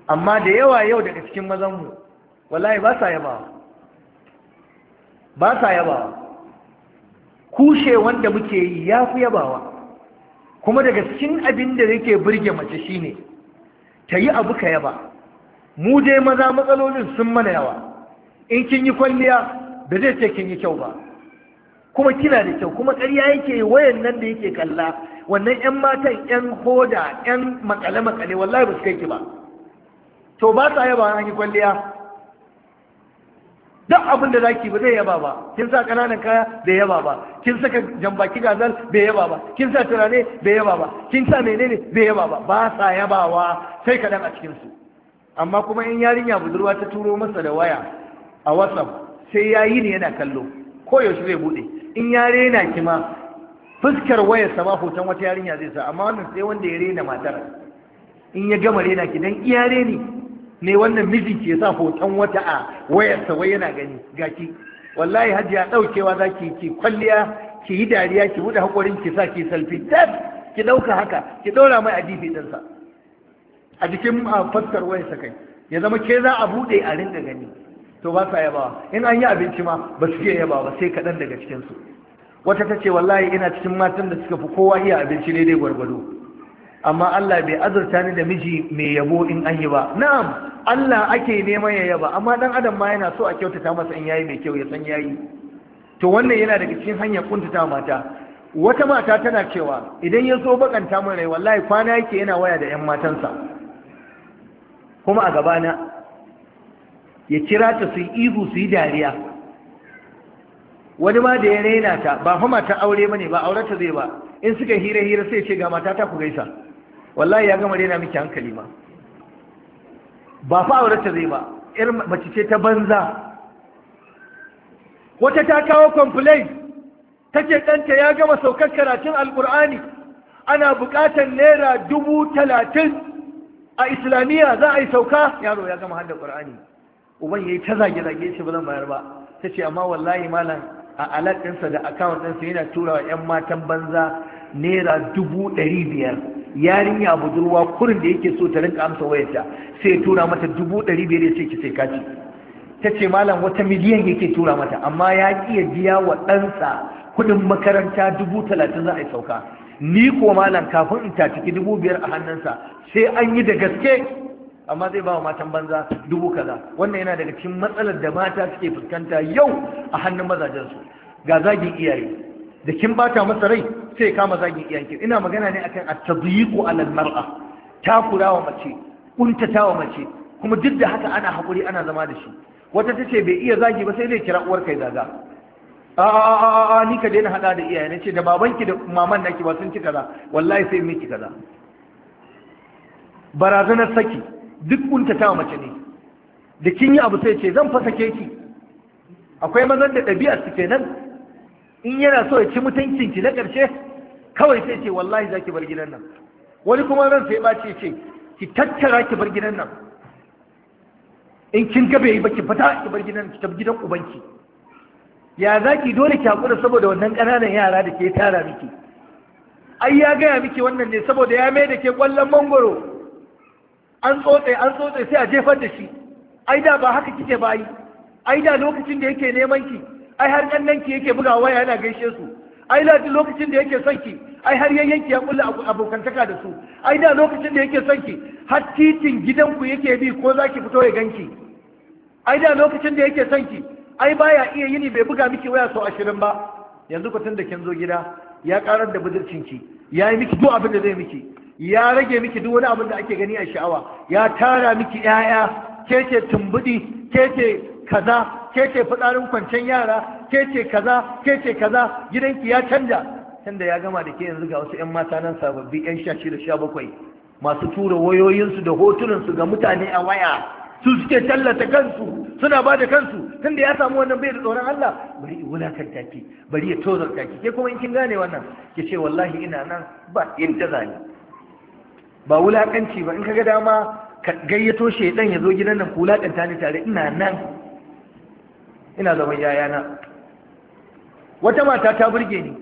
amma da yawa yau daga cikin mazanmu wallahi ba sa yaba ba sa yaba kushe wanda muke yi ya fi yabawa kuma daga cikin abin da yake burge mace shine ta yi abu ka yaba mu dai maza matsalolin sun mana yawa in kin yi kwalliya ba zai ce kin yi kyau ba kuma kina da kyau kuma ƙarya yake wayan nan da yake kalla wannan 'yan matan 'yan hoda 'yan makale-makale wallahi ba su kai ki ba to ba sa yaba an yi kwalliya duk abin da zaki ba zai yaba ba kin sa kananan kaya bai yaba ba kin saka jambaki gazal bai yaba ba kin sa turare bai yaba ba kin sa menene bai yaba ba ba sa yabawa sai kaɗan a cikin su amma kuma in yarinya budurwa ta turo masa da waya a whatsapp sai yayi yi ne yana kallo ko yaushe zai bude in ya rena ki fuskar wayar sa ba hoton wata yarinya zai sa amma wannan sai wanda ya rena matar in ya gama rena ki dan iya reni ne wannan mijin ke sa hoton wata a wayarsa wai yana gani gaki wallahi hajiya daukewa za ki kwalliya ki yi dariya ki buɗe haƙorin ki sa ki salfi dab ki ɗauka haka ki ɗaura mai din sa a jikin fuskar wayarsa kai ya zama ke za a buɗe a rinda gani to ba sa yabawa in an yi abinci ma ba su iya yabawa ba sai kaɗan daga cikin su wata ta ce wallahi ina cikin matan da suka fi kowa iya abinci daidai gwargwado amma Allah bai azurta ni da miji mai yabo in an yi ba na'am Allah ake neman ya yaba amma dan adam ma yana so a kyautata masa in yayi mai kyau ya san yayi to wannan yana daga cikin hanyar kuntata mata wata mata tana cewa idan ya zo bakanta min rai wallahi kwana yake yana waya da yan matansa kuma a gabana ya kira ta su ihu su yi dariya wani ma da ya raina ta ba fa mata aure bane ba aurata zai ba in suka hira hira sai ce ga mata ta ku gaisa wallahi ya gama rena miki hankali ma ba fa aure zai ba ir mace ce ta banza wata ta kawo complaint tace ɗanta ya gama saukar karatun alkur'ani ana buƙatar naira dubu talatin a islamiyya za a yi sauka yaro ya gama hada ƙur'ani uban yayi ta zage-zage shi ba zan bayar ba tace amma wallahi malam a alaƙinsa da akawun ɗinsa yana tura wa 'yan matan banza naira dubu ɗari biyar yarinya budurwa kurin da yake so ta rinka amsa wayanta, sai ya tura mata dubu ɗari biyar ya ce ki sai kaci ta ce malam wata miliyan yake tura mata amma ya ƙi biya wa ɗansa kuɗin makaranta dubu talatin za a yi sauka ni ko malam kafin in ta ciki dubu biyar a hannunsa sai an yi da gaske amma zai ba matan banza dubu kaza wannan yana daga cikin matsalar da mata suke fuskanta yau a hannun mazajensu ga zagin iyaye da kin bata masa rai sai kama zagi iyayenki ina magana ne akan at-tadyiqu 'ala al-mar'a wa mace kuntatawa mace kuma duk da haka ana hakuri ana zama da shi wata tace bai iya zagi ba sai dai kira uwar kai zaga a a a ni ka daina hada da iyaye nace da babanki da maman naki ba sun ci kaza wallahi sai miki kaza barazanar saki duk kuntatawa mace ne da kin yi abu sai ce zan fasa ki akwai mazan da ɗabi'ar su kenan in yana so ya ci ki na ƙarshe kawai sai ce wallahi za ki bar gidan nan wani kuma ran sai ɓace ce ki tattara ki bar gidan nan in kin gabe yi ba ki fita ki bar gidan ki tafi gidan ubanki ya za ki dole ki haƙura saboda wannan ƙananan yara da ke tara miki ai ya gaya miki wannan ne saboda ya mai da ke ƙwallon mangoro an tsotse an tsotse sai a jefar da shi ai da ba haka kike ba yi ai da lokacin da yake neman ki ai har nan ki yake buga waya yana gaishe su ai da lokacin da yake son ki ai har yayyan ki ya kulla abokantaka da su ai da lokacin da yake son ki har titin gidanku yake bi ko zaki fito ya ganki ai da lokacin da yake son ki ai baya iya yini bai buga miki waya sau ashirin ba yanzu ku kin zo gida ya karar da budurcin ki ya yi miki duk abin da zai miki ya rage miki duk wani abin da ake gani a sha'awa ya tara miki 'ya'ya ke ce tumbudi ke kaza ke ce fitsarin kwancen yara ke ce kaza ke ce kaza gidanki ya canja tunda ya gama da ke yanzu ga wasu 'yan mata nan sababbi 'yan sha shida sha bakwai masu tura wayoyinsu da hotunansu ga mutane a waya su suke tallata kansu suna ba da kansu tunda ya samu wannan bai da tsoron Allah bari ya wulakanta ki bari ya tozarta ki ke kuma in kin gane wannan ki ce wallahi ina nan ba ta zani ba wulakanci ba in kaga dama ka gayyato shedan ya zo gidan nan ku wulakanta ni tare ina nan ina zaman yayana wata mata ta burge ni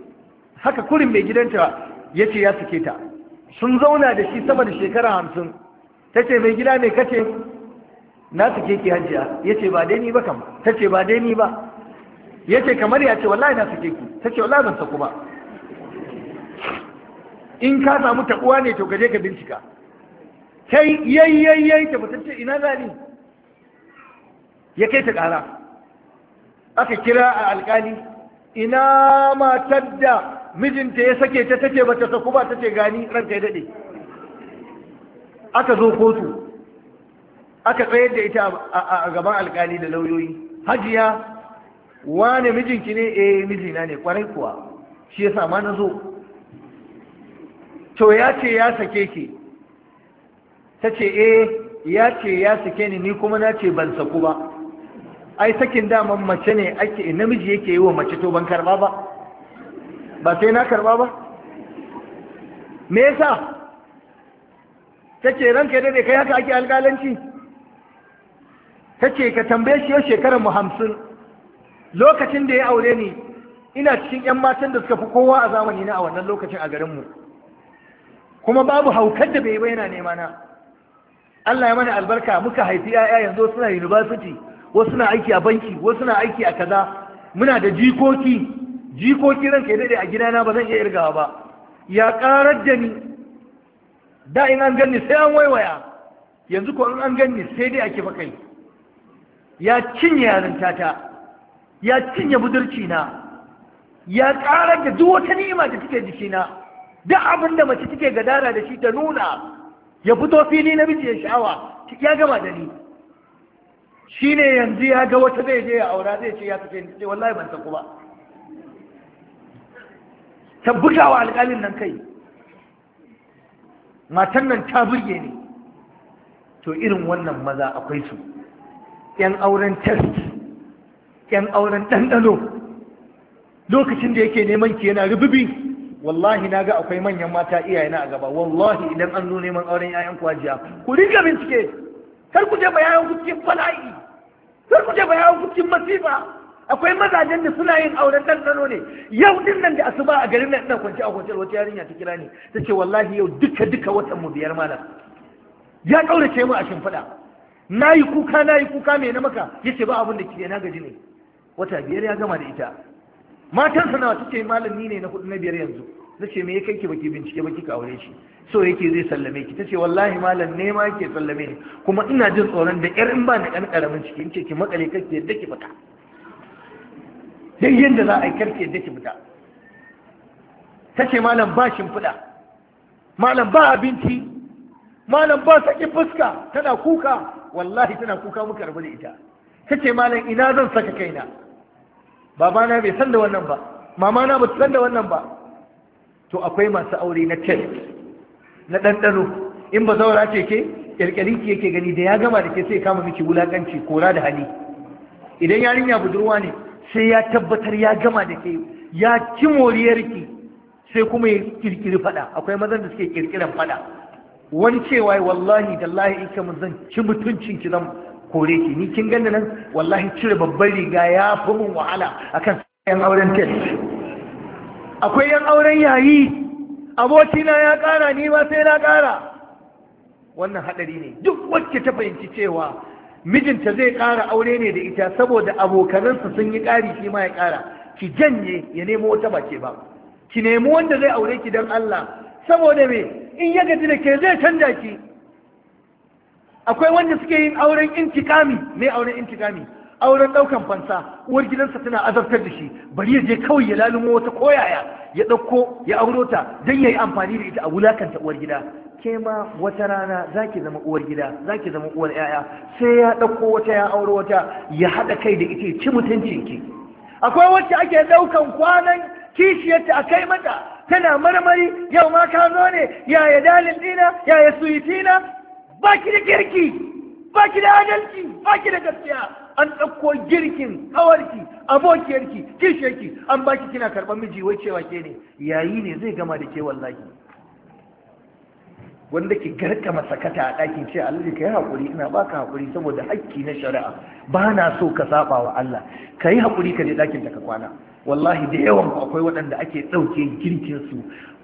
haka kurin mai gidanta ya ce ya suke ta sun zauna da shi sama da shekara hamsin ta ce mai gida mai kace na suke ki hajiya ya ce ba dai ni ba kam ta ce ba dai ni ba ya ce kamar ya ce wallahi na suke ki ta ce wallahi ban saku ba in ka samu taɓuwa ne to gaje ka bincika kai yayi yayi ta fitacce ina zani ya kai ta ƙara aka kira a alkali ina matar da mijinta ya sake ta tace bata saku ba tace gani ranka ya dade aka zo kotu aka tsayar da ita a gaban alkali da lauyoyi hajiya wane mijinki ne eh mijina ne kwarai kuwa shi yasa ma na zo to ya ce ya sake ki ta ce eh ya ce ya sake ni ni kuma na ce ban saku ba ai sakin daman mace ne ake namiji yake yi wa mace to ban karba ba ba sai na karba ba me yasa take ranka da kai haka ake alƙalanci take ka tambaye shi yau shekarar mu hamsin lokacin da ya aure ni ina cikin 'yan matan da suka fi kowa a zamani na a wannan lokacin a garinmu kuma babu haukar da bai yana nema na Allah ya mana albarka muka haifi 'ya'ya yanzu suna university wasu na aiki a banki wasu na aiki a kaza muna da jikoki jikoki ran kai daɗe a gidana ba zan iya irgawa ba ya ƙarar da ni da in an ganni sai an waiwaya yanzu ko in an ganni sai dai ake fakai ya cinye yarinta ta ya cinye budurci na ya ƙarar da duk wata nima da take na. duk abin da mace take gadara da shi ta nuna ya fito fili na miji ya sha'awa ya gama da ni shi ne yanzu ya ga wata zai je ya aura zai ce ya tafi yanzu ce wallahi ban tafi ba ta buga wa alƙalin nan kai matan nan ta burge ne to irin wannan maza akwai su yan auren test yan auren ɗanɗano lokacin da yake neman ki yana rububi wallahi na ga akwai manyan mata iyayena a gaba wallahi idan an zo neman auren 'ya'yan kwajiya ku dinga bincike kar ku je bayan ku kucin bala'i, kar ku je bayan ku kucin masifa akwai mazajen da suna yin auren ɗanɗano ne yau din nan da asuba a garin nan kwanci a kwanciyar wata yarinya ta kira ni ta ce wallahi yau duka duka watan mu biyar malam ya ƙaurace mu a shimfiɗa na yi kuka na yi kuka mai na maka ya ce ba abin da ke na gaji ne wata biyar ya gama da ita matansa nawa ta ce ni ne na hudu na biyar yanzu na ce me ya kai ki baki bincike baki ka aure shi so yake zai sallame ki tace wallahi malam ne ma yake sallame ni kuma ina jin tsoron da yar in ba ni kan karamin ciki in ce ki makale kake yadda ki fita dai yanda za a yi karki yadda ki fita tace malam ba shimfiɗa malam ba abinci malam ba saki fuska tana kuka wallahi tana kuka muka rabu da ita tace malam ina zan saka kaina babana bai san da wannan ba mamana ba san da wannan ba to akwai masu aure na tel na ɗanɗano in ba zaura ce ke ƙyalƙyari ki yake gani da ya gama da ke sai kama miki wulaƙanci kora da hali idan yarinya budurwa ne sai ya tabbatar ya gama da ke ya ci ki sai kuma ya ƙirƙiri faɗa, akwai mazan da suke ƙirƙiran faɗa. wani cewa wallahi lahi ike mun zan ci mutuncin ki zan kore ki ni kin ganda nan wallahi cire babbar riga ya fi mun wahala akan sayan auren test akwai yan auren yayi abokina ya ƙara ni ma sai na ƙara wannan haɗari ne duk wacce ta fahimci cewa mijinta zai ƙara aure ne da ita saboda abokanansa sun yi ƙari shi ma ya ƙara ki janye ya nemo wata bace ba ki nemi wanda zai aure ki don Allah saboda me in ya gaji da ke zai canja ki akwai wanda suke yin auren intikami me auren intikami auren ɗaukan fansa uwar gidansa tana azabtar da shi bari ya je kawai ya lalumo wata koyaya ya ɗauko ya auro ta don ya yi amfani da ita a wulakanta uwar gida ke ma wata rana za ki zama uwar gida za ki zama uwar 'ya'ya sai ya ɗauko wata ya auro wata ya haɗa kai da ita ci ki. akwai wacce ake ɗaukan kwanan kishiyarta a kai mata tana marmari yau ma ka zo ne yaya dalin ɗina yaya suyitina ba ki da kirki ba ki da adalci ba ki da gaskiya an ɗauko girkin ƙawarki abokiyarki kishiyarki an baki kina karɓar miji wai cewa ke ne yayi ne zai gama da ke wallahi wanda ke garka masakata a ɗakin ce Allah ka yi haƙuri ina baka haƙuri saboda hakki na shari'a ba na so ka saba wa Allah ka yi haƙuri ka je ɗakin ka kwana wallahi da yawan akwai waɗanda ake ɗauke girkin su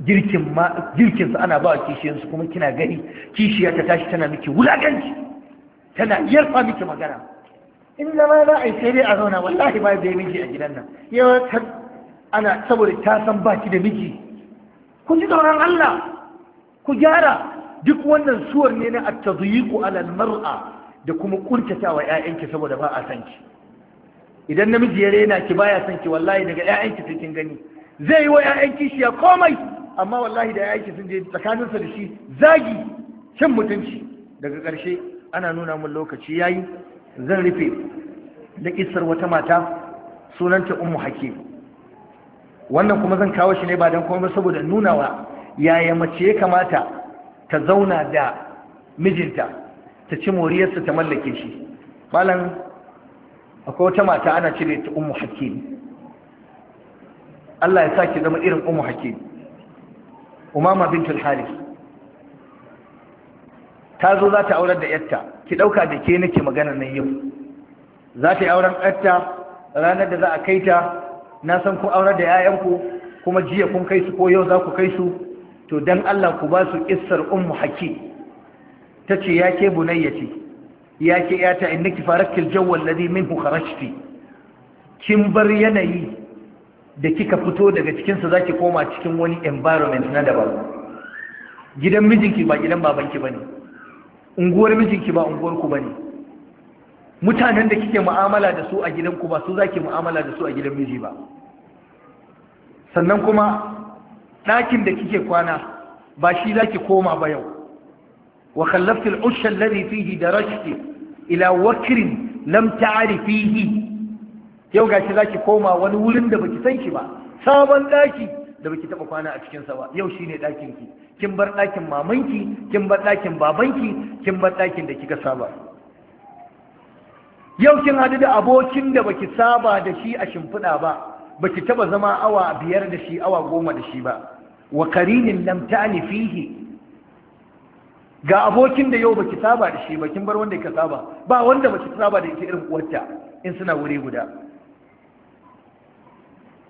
girkin ma girkin su ana ba wa kishiyan kuma kina gani kishiya ta tashi tana miki wulaganci tana yarfa miki magana in zama za a yi sai dai a zauna wallahi ba zai miji a gidan nan yau ta ana saboda ta san baki da miji ku ji tsoron Allah ku gyara duk wannan suwar ne na at-tadyiqu ala mara da kuma wa ƴaƴanki saboda ba a san ki idan namiji ya rena ki baya san ki wallahi daga ƴaƴanki sai kin gani zai yi wa ƴaƴanki shi ya komai amma wallahi da ƴaƴanki sun je tsakaninsa da shi zagi cin mutunci daga ƙarshe ana nuna mun lokaci yayi zan rufe da isar wata mata sunanta umu hakim wannan kuma zan kawo shi ne ba don kuma saboda nunawa yaya mace ya kamata ta zauna da mijinta ta ci moriyarsa ta mallake shi malam akwai wata mata ana cire ta umu hakim Allah ya sa ki zama irin umu hakim umama bintul harith ta zo za ta aurar da yarta ki ɗauka da ke nake magana nan yau za ta yi auren yarta ranar da za a kai ta na san kun aurar da 'ya'yanku kuma jiya kun kai su ko yau za ku kai su to dan Allah ku ba su issar, ummu haki ta ce ya ke bunayyati ya ke yata fara farakil jawwal ladhi minhu kharajti kin bar yanayi da kika fito daga cikin sa zaki koma cikin wani environment na daban gidan mijinki ba gidan babanki bane unguwar mijinki ba unguwar ku bane mutanen da kike mu'amala da su a gidanku ba su zaki mu'amala da su a gidan miji ba sannan kuma ɗakin da kike kwana ba shi zaki koma ba yau wa khallafti al'ushsha alladhi fihi darajti ila wakrin lam ta'rifihi yau gashi zaki koma wani wurin da baki san shi ba sabon ɗaki da baki taɓa kwana a cikin sa ba yau shine ɗakin ki kin bar ɗakin mamanki kin bar ɗakin babanki kin bar ɗakin da kika saba yau kin hadu da abokin da baki saba da shi a shimfiɗa ba baki taba zama awa biyar da shi awa goma da shi ba wa karinin lam ta'ni fihi ga abokin da yau baki saba da shi ba kin bar wanda ka saba ba wanda baki saba da ita irin uwarta in suna wuri guda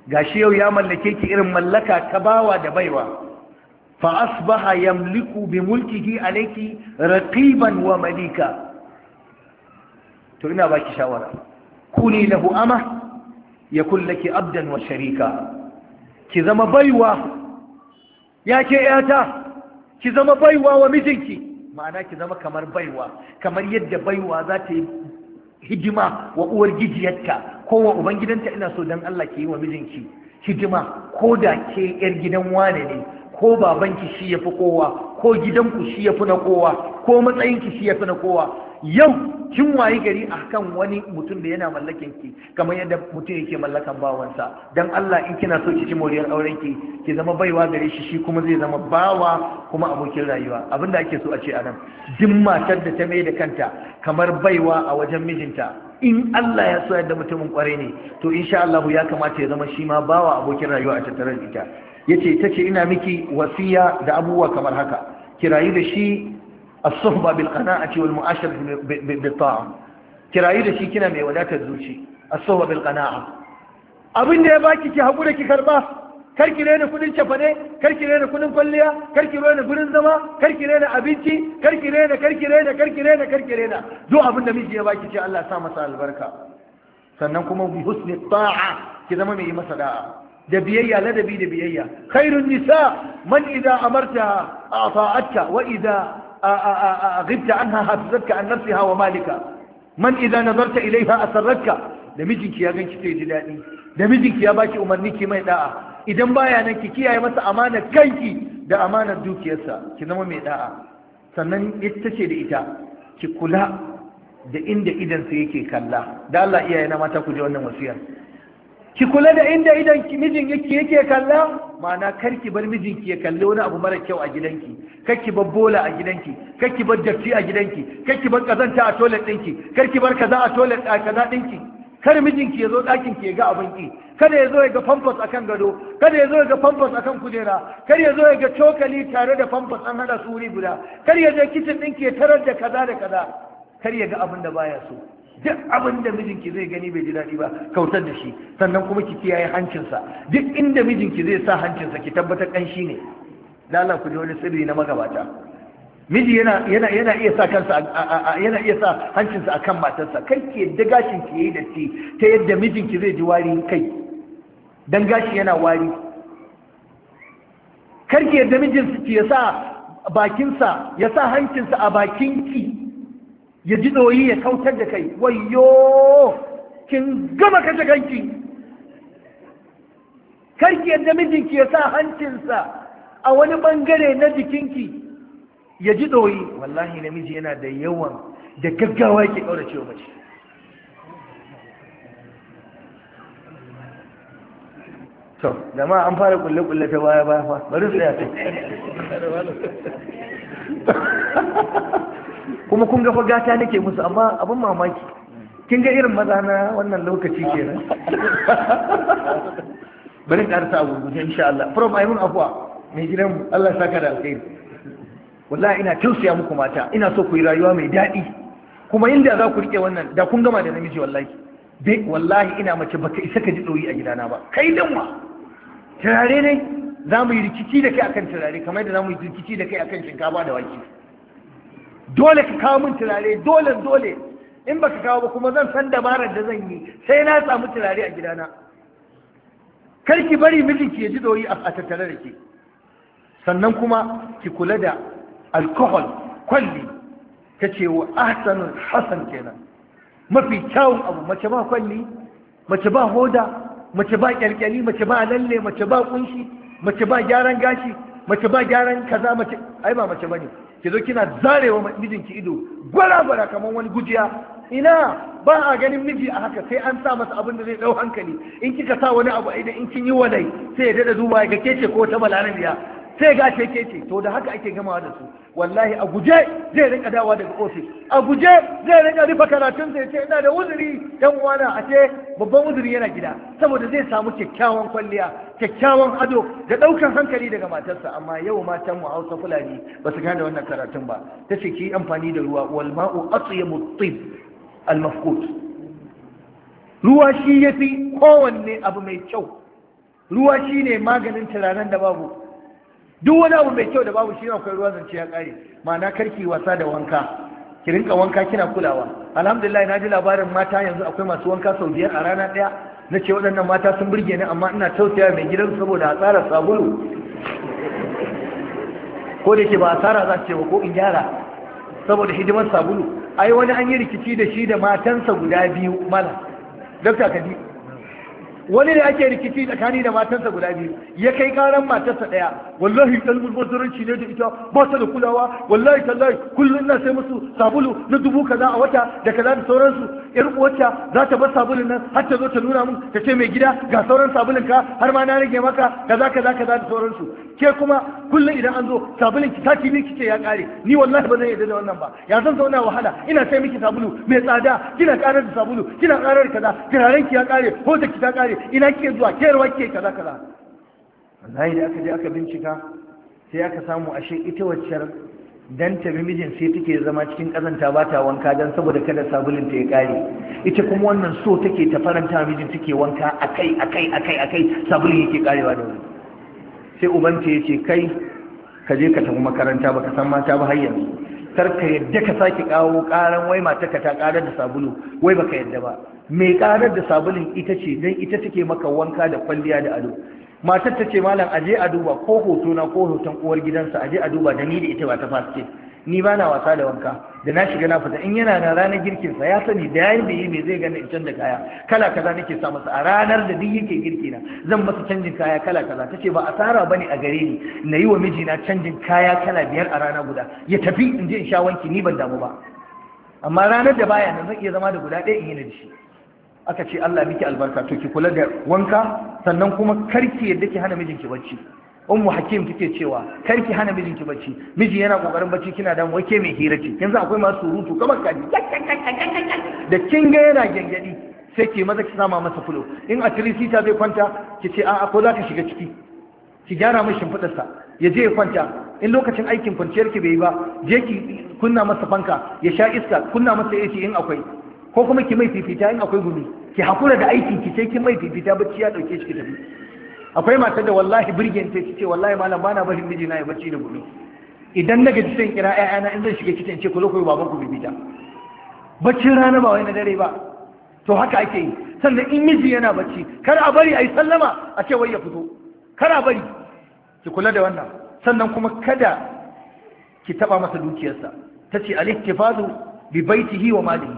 gashi yau ya mallake ki irin mallaka ka bawa da baiwa fa asbaha yamliku bi mulkihi alayki raqiban wa malika to ina baki shawara kuni lahu ama yakul laki abdan wa sharika ki zama baiwa yake yata ki zama baiwa wa mijinki ma'ana ki zama kamar baiwa kamar yadda baiwa za ta yi hidima wa uwar gijiyarta ko ubangidanta ina so don Allah ki yi wa mijinki hidima ko da ke yar gidan wane ne ko babanki shi ya fi kowa ko gidanku shi ya fi na kowa ko matsayinki shi ya fi na kowa yau kin wayi gari a kan wani mutum da yana mallakin ki kamar yadda mutum yake mallakan bawansa dan Allah in kina so ki ci moriyar auren ki ki zama baiwa gare shi shi kuma zai zama bawa kuma abokin rayuwa Abin da ake so a ce anan duk matar da ta mai da kanta kamar baiwa a wajen mijinta in Allah ya so yadda mutumin kwarai ne to insha Allah ya kamata ya zama shi ma bawa abokin rayuwa a tattare ita Ya ce ta ce ina miki wasiya da abubuwa kamar haka kirayi da shi as-suhba bil qana'ati wal mu'ashar bil ta'a kirayi da shi kina mai wadatar zuci as-suhba bil qana'a abin da ya baki ki hakura ki karba kar ki rena kudin cefane kar ki rena kudin kwalliya kar ki rena gurin zama kar ki rena abinci kar ki rena kar ki rena kar ki rena kar ki rena duk abin da miji ya baki ce Allah ya sa masa albarka sannan kuma bi husni ta'a ki zama mai masa da'a da biyayya ladabi da biyayya khairun nisa man idza amartaha ata'atka wa idza غبت عنها حفظتك عن نفسها ومالك من إذا نظرت إليها أسرتك da mijinki ya ganki sai ji daɗi da mijinki ya baki umarni ki mai da'a idan baya nan ki kiyaye masa amanar kanki da amanar dukiyarsa ki zama mai da'a sannan ita ce da ita ki kula da inda idan sa yake kalla da Allah iyaye na mata ku je wannan wasiyar ki kula da inda idan mijin yake yake kalla ma'ana kar ki bar mijinki ya kalli wani abu mara kyau a gidanki kar ki bar bola a gidanki kar ki bar dafti a gidanki kar ki bar kazanta a toilet ɗinki kar ki bar kaza a toilet a kaza ɗinki kar mijinki ya zo dakin ki ya ga abin ki kada ya zo ya ga pampers akan gado kada ya zo ya ga pampers akan kujera kar ya zo ya ga cokali tare da pampers an hada su wuri guda kar ya je kitchen ɗinki ya tarar da kaza da kaza kar ya ga abin da baya so duk abin da mijinki zai gani bai ji daɗi ba kautar da shi sannan kuma ki kiyaye hancinsa duk inda mijinki zai sa hancinsa ki tabbatar ƙanshi ne lala ku ji wani sirri na magabata miji yana yana yana iya sa kansa yana iya sa hancinsa akan matarsa kai ki yadda gashin ki yayi datti ta yadda mijinki zai ji wari kai dan gashi yana wari kar ki yadda mijinki ya sa bakinsa ya sa hancinsa a bakinki ya ji doyi ya kautar da kai wayo kin gama kashe kanki karki yadda mijinki ya sa hancinsa a wani bangare na jikinki ya ji ɗoyi, wallahi namiji yana da yawan da gaggawa yake kaurace mace to dama an fara kulle-kulle ta baya baya ba bari su ce (laughs) kuma kun ga fagata nake musu amma abin mamaki kin ga irin maza na wannan lokaci kenan (laughs) bari ka karsa abu ne insha Allah from ayun afwa mai gidan mu Allah saka da alkhairi wallahi ina tausaya muku mata ina so ku yi rayuwa mai daɗi kuma inda za ku rike wannan da kun gama da namiji wallahi dai wallahi ina mace baka isa ka ji ɗoyi a gidana ba kai ma turare ne za mu yi rikici da kai akan turare kamar da za mu yi rikici da kai akan shinkafa da wake dole ka kawo min turare dole dole in baka kawo ba kuma zan san dabarar da zan yi sai na samu turare a gidana kar ki bari mijinki ya ji doyi a tattare da ke sannan kuma ki kula da alkohol kwalli ta ce wa ahsanul hasan kenan mafi kyawun abu mace ba kwalli mace ba hoda mace ba kyalkyali mace ba lalle mace ba kunshi mace ba gyaran gashi mace ba gyaran kaza mace ai ba mace bane ki zo kina zarewa mijinki ido gwara gwara kamar wani gujiya ina ba a ganin miji a haka sai an sa masa abin da zai dau hankali in kika sa wani abu aidan in kin yi walai sai ya dada duba ya ga kece ko ta biya. sai ga ce kece to da haka ake gamawa da su wallahi a guje zai rinka dawa daga ofis a guje zai rinka rufe karatun zai ce ina da uzuri yan uwana a ce babban uzuri yana gida saboda zai samu kyakkyawan kwalliya kyakkyawan ado da daukan hankali daga matarsa amma yau matan mu Hausa Fulani ba su gane wannan karatun ba ce ki amfani da ruwa wal ma'u atyamu tib al mafqut ruwa shi yafi kowanne abu mai kyau ruwa shine maganin turaren da babu duk wani abu mai kyau da babu shi akwai ruwa zance ya kare ma'ana karki wasa da wanka ki rinka wanka kina kulawa alhamdulillah na ji labarin mata yanzu akwai masu wanka sau biyar a rana ɗaya na ce waɗannan mata sun burge ni amma ina tausaya mai gidan saboda a tsara sabulu ko da ke ba a tsara za ce ba ko in gyara saboda hidimar sabulu ai wani an yi rikici da shi da matansa guda biyu mala dokta kadi wani da ake rikici tsakani da matansa guda biyu ya kai karan matarsa daya wallahi kalmul bazuranci ne da ita ba ta da kulawa wallahi tallahi kullum na sai musu sabulu na dubu kaza a wata da kaza da sauransu yar uwarta za ta bar sabulun nan har ta zo ta nuna mun ta ce mai gida ga sauran sabulun ka har ma na rage maka kaza kaza kaza da sauransu ke kuma kullum idan an zo sabulin ki taki ne kike ya kare ni wallahi ba zan yarda da wannan ba ya zan zauna wahala ina sai miki sabulu mai tsada kina karar da sabulu kina karar kaza turaren ki ya kare ko da ki ta kare ina kike zuwa ke ruwa kike kaza kaza wallahi da aka je aka bincika sai aka samu ashe ita waccar dan tabi mijin sai take zama cikin kazanta ba ta wanka dan saboda kada sabulin ta ya kare ita kuma wannan so take ta faranta mijin take wanka akai akai akai akai sabulin yake karewa da wuri sai ubanta ya ce kai ka je ka tafi makaranta ba ka san mata ba har yanzu kar ka yadda ka sake kawo karan wai mata ka ta karar da sabulu wai baka yadda ba mai karar da sabulun ita ce dan ita take maka wanka da kwalliya da ado matar ta ce malam aje a duba ko hoto na ko hoton uwar gidansa aje a duba da ni da ita ba ta fasike ni ba na wasa da wanka da na shiga na fita in yana na ranar sa ya sani da yayin da yi me zai gani in canza kaya kala kaza nake sa masa a ranar da duk yake girki na zan masa canjin kaya kala kaza tace ba a asara bane a gare ni na yi wa mijina canjin kaya kala biyar a rana guda ya tafi in je in sha wanki ni ban damu ba amma ranar da baya nan zan iya zama da guda ɗaya in yi na dishi aka ce Allah miki albarka to ki kula da wanka sannan kuma karki yadda ki hana mijinki bacci ummu hakim take cewa kar ki hana mijinki bacci miji yana kokarin bacci kina da wake mai hira ce yanzu akwai masu surutu kamar kaji da kin ga yana gengedi sai ki maza ki sama masa fulo in a tiri sita zai kwanta ki ce a'a ko za ka shiga ciki ki gyara mai shimfiɗarsa ya je ya kwanta in lokacin aikin kwanciyar ki bai yi ba je ki kunna masa fanka ya sha iska kunna masa AC in akwai ko kuma ki mai fifita in akwai gumi ki hakura da aiki ki sai ki mai fifita bacci ya dauke shi ki tafi akwai matar da wallahi birgin ta ce wallahi malam bana barin miji na ya bacci da gudu idan na gaji sai kira ƴaƴana in zan shiga kitchen ce ku lokoyi ku baban ku bibita baccin rana ba wai na dare ba to haka ake yi sannan in miji yana bacci kar a bari a yi sallama a ce wai ya fito kar a bari ki kula da wannan sannan kuma kada ki taba masa dukiyarsa ta ce al-ihtifazu bi baitihi wa malihi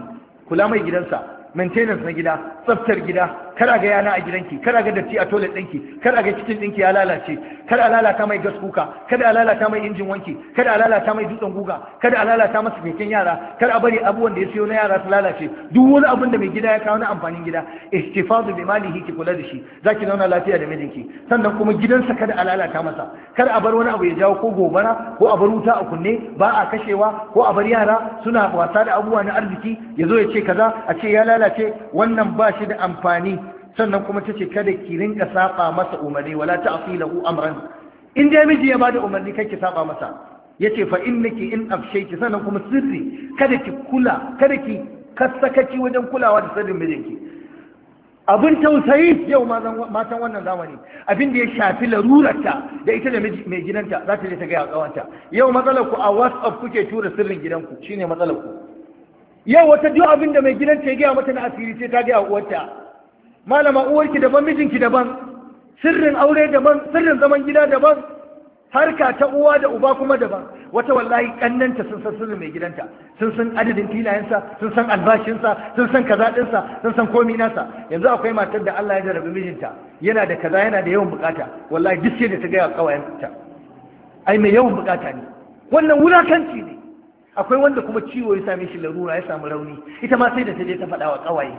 kula mai gidansa maintenance na gida tsaftar gida kada ga yana a gidanki kada ga datti a toilet ɗinki kada ga cikin ɗinki ya lalace kada a lalata mai gas kuka kada a lalata mai injin wanki kada a lalata mai dutsen guga kada a lalata masa keken yara kada a bari abubuwan da ya siyo na yara su lalace duk wani abin da mai gida ya kawo na amfanin gida istifadu bi malihi ki kula da shi zaki zauna lafiya da mijinki sannan kuma gidansa kada a lalata masa kada a bar wani abu ya jawo ko gobara ko a bar wuta a kunne ba a kashewa ko a bar yara suna wasa da abubuwa na arziki ya zo ya ce kaza a ce ya lalace wannan ba shi da amfani sannan kuma ta ce kada ki rinka saba masa umarni wala ta'fi lahu amran in dai miji ya bada umarni kai ki saba masa yace fa innaki in afshayki sannan kuma sirri kada ki kula kada ki kassakaci wajen kulawa da sirrin mijinki abin tausayi yau matan wannan zamani abin da ya shafi larurarta da ita da mai gidanta za ta je ta gaya tsawanta yau matsalar ku a whatsapp kuke tura sirrin gidanku shine matsalar ku yau wata duk abin da mai gidanta ya gaya mata na asiri sai ta gaya uwarta malama uwarki daban mijinki daban sirrin aure daban sirrin zaman gida daban harka ta uwa da uba kuma daban wata wallahi kannanta sun san sirrin mai gidanta sun san adadin filayensa sun san albashinsa sun san kaza dinsa sun san komi nasa yanzu akwai matar da Allah ya jarabi mijinta yana da kaza yana da yawan bukata wallahi duk sai da ta gaya kawayenta ai mai yawan bukata ne wannan wulakanci ne akwai wanda kuma ciwo ya same shi larura ya samu rauni ita ma sai da ta je ta faɗa wa kawaye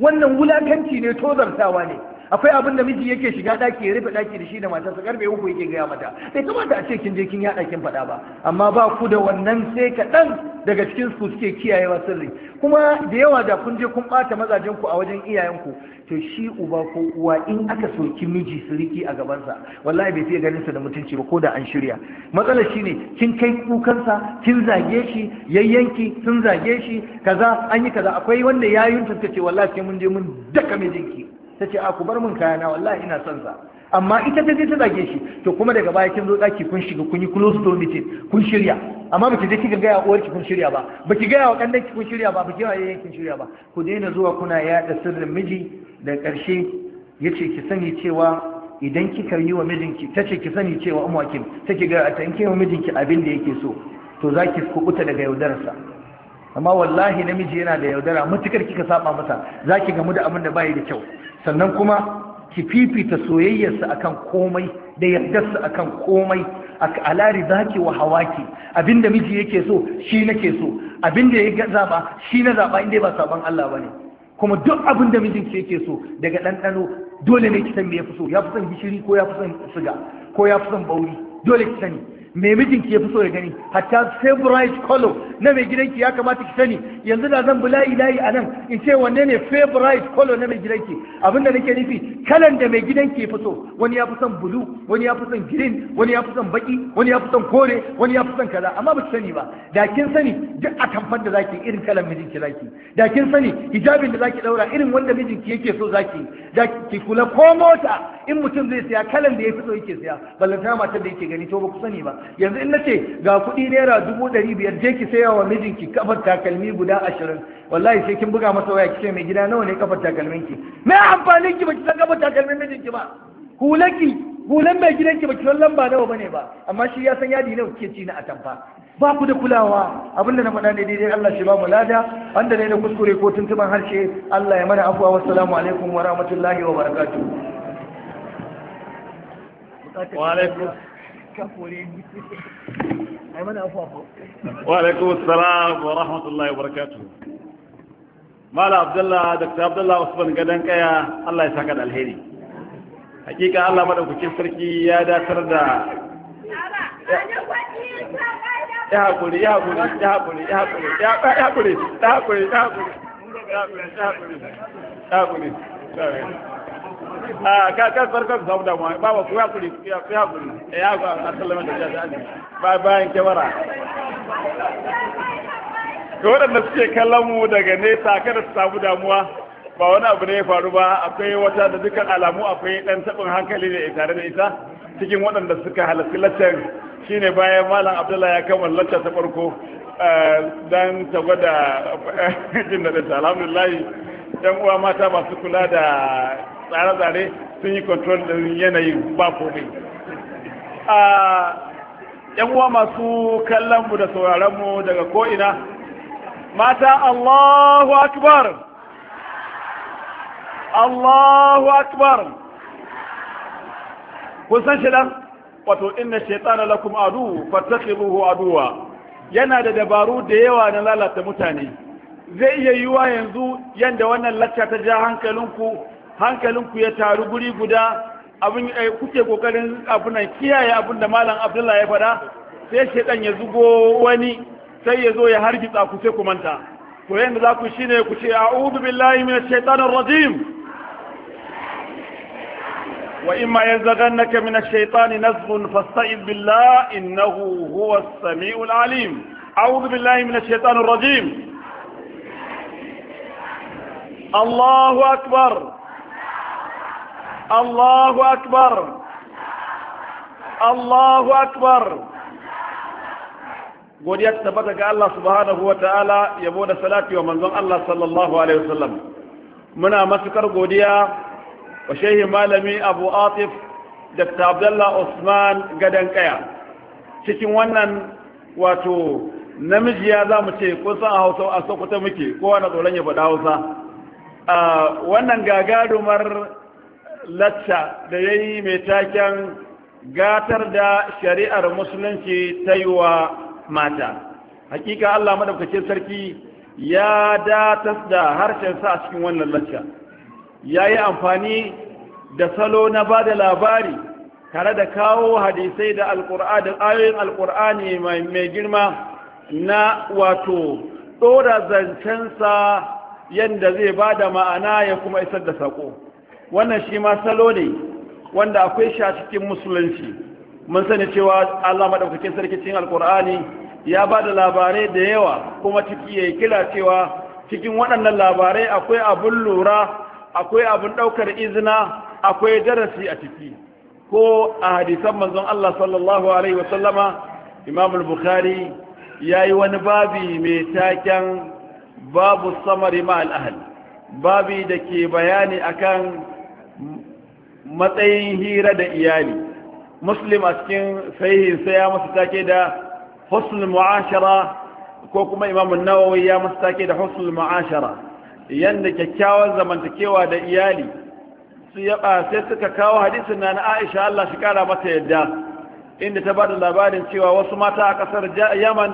wannan wulakanci ne tozartawa ne akwai abin da miji yake shiga daki ya rufe daki da shi da matarsa karfe uku yake gaya mata bai kamata a ce kin je kin yada kin faɗa ba amma ba ku da wannan sai kaɗan daga cikin su suke kiyayewa sirri kuma da yawa da kun je kun ɓata mazajen ku a wajen iyayenku to shi uba ko uwa in aka soki miji siriki a gabansa wallahi bai fiye ganin sa da mutunci ba ko da an shirya matsalar shine kin kai kukansa kin zage shi yayyanki sun zage shi kaza an yi kaza akwai wanda yayin tuntace wallahi sai mun je mun daka mijinki Tace a ku bar min kayana wallahi ina son sa amma ita ta je ta zage shi to kuma daga baya kin zo daki kun shiga kun yi close to meeting kun shirya amma baki je kika gaya uwarki kun shirya ba baki gaya wakandan ki kun shirya ba baki gaya kin shirya ba ku daina zuwa kuna yada sirrin miji da karshe yace ki sani cewa idan kika yi wa mijinki tace ki sani cewa kin take ga ta tanke wa mijinki abin da yake so to zaki kubuta daga yaudararsa amma wallahi namiji yana da yaudara mutukar kika saba masa zaki gamu da abin da bai da kyau sannan kuma ki fifita soyayyarsa akan komai da yardarsa akan komai a za wahawa wa Abin abinda miji yake so shi nake so abinda ya zaba shi na zaba inda ba saban Allah ba ne. kuma duk abin abinda mijinki yake so daga ɗanɗano dole ne ki san me ya fi so Ya fi son gishiri ko ya fi son siga ko ya fi son bauri dole ki sani mai mijinki ya fi so ya gani hatta favorite color na mai gidanki ya kamata ki sani yanzu da zan bi layi a nan in ce wanne ne favorite color na mai gidanki abinda nake nufi kalan da mai gidanki ya fi so wani ya fi son blue wani ya fi son green wani ya fi son baki wani ya fi son kore wani ya fi son kaza amma ba ki sani ba da kin sani duk a tamfar da zaki irin kalan mijinki zaki da kin sani hijabin da zaki daura irin wanda mijinki yake so zaki da ki kula ko mota in mutum zai siya kalan da ya fi so yake siya ballantana matar da yake gani to ba ku sani ba yanzu in nace ga kuɗi naira dubu ɗari biyar je ki saya wa mijinki kafar takalmi guda ashirin wallahi sai kin buga masa waya ki ce mai gida nawa ne kafar takalminki me amfanin ki baki san kafar takalmin mijinki ba hulaki hulan mai gidanki baki san lamba nawa bane ba amma shi ya san yadi nawa kike ci na atamfa ba ku da kulawa abinda na faɗa ne daidai Allah shi ba mu lada wanda ne na kuskure ko tuntuban harshe Allah ya mana afuwa wassalamu alaikum wa rahmatullahi wa barakatuh alaikum wa alaikum wa rahmatullahi wa barakatuh mala abdullah dr abdullah usman gadan kaya Allah ya saka da alheri hakika Allah madaukakin sarki ya datar da ya hakuri ya hakuri ya hakuri ya hakuri ya hakuri ya hakuri ya hakuri ya hakuri ya hakuri ka ka farko ba ya ya ya ba bayan waɗanda suke kallon mu daga nesa kada su samu damuwa ba wani abu ne ya faru ba akwai wata da dukkan alamu akwai ɗan taɓin hankali da tare da ita cikin waɗanda suka halarci laccar shine bayan malam abdullahi ya kammala laccar ta farko dan ta gwada jin daɗinta alhamdulillah yan uwa mata masu kula da tsare-tsare sun yi control da yanayin ba kome a masu kallon mu da sauraron daga ko'ina mata Allahu akbar Allahu akbar kun san shi dan wato inna shaytana lakum adu fattakhibuhu aduwa yana da dabaru da yawa na lalata mutane zai iya yiwuwa yanzu yadda wannan lacca ta ja hankalinku hankalinku ya taru guri guda abin eh, kuke kokarin abunan kiyaye abin da malam abdullahi ya faɗa sai shaidan ya zugo wani sai ya zo ya hargitsa ku sai ku manta to yanda za ku shi ne ku ce a'udhu billahi minash shaitanir rajim wa imma yanzaghannaka minash shaitani nazghun fasta'iz billahi innahu huwas samiul alim a'udhu billahi minash shaitanir rajim Allahu akbar الله أكبر الله أكبر godiya ta tabbata ga Allah subhanahu wa ta'ala yabo da salati wa manzon Allah sallallahu alaihi wasallam muna matukar godiya wa shehi malami Abu Atif Dr. Abdullah Usman gadan kaya cikin wannan wato namiji ya zamu ce kun san a Hausa a Sokoto muke kowa na tsoron ya faɗa Hausa wannan gagarumar lacca da ya yi mai taken gatar da shari'ar musulunci ta yi wa mata hakika allah madaukakin sarki ya datas da harshensa a cikin wannan lacca ya yi amfani da salo na ba da labari tare da kawo hadisai da ayoyin alkur'ani mai girma na wato ɗora zancensa yadda zai bada ma'ana ya kuma isar da saƙo wannan shi ma salo ne wanda akwai shi cikin musulunci mun sani cewa Allah madaukakin sarki cikin alkur'ani ya ba da labarai da yawa kuma ciki ya kira cewa cikin waɗannan labarai akwai abun lura akwai abun ɗaukar izina akwai darasi a ciki ko a hadisan manzon Allah sallallahu alaihi wasallama imam al-bukhari yayi wani babi mai taken babu samari ma al babi da ke bayani akan matsayin hira da iyali muslim a cikin sahihinsa ya masu take da husnul mu'ashara ko kuma imam nawawi ya masu take da husnul mu'ashara yanda kyakkyawan zamantakewa da iyali su yaba sai suka kawo hadisin na Aisha Allah shi kara mata yadda inda ta bada labarin cewa wasu mata a kasar Yaman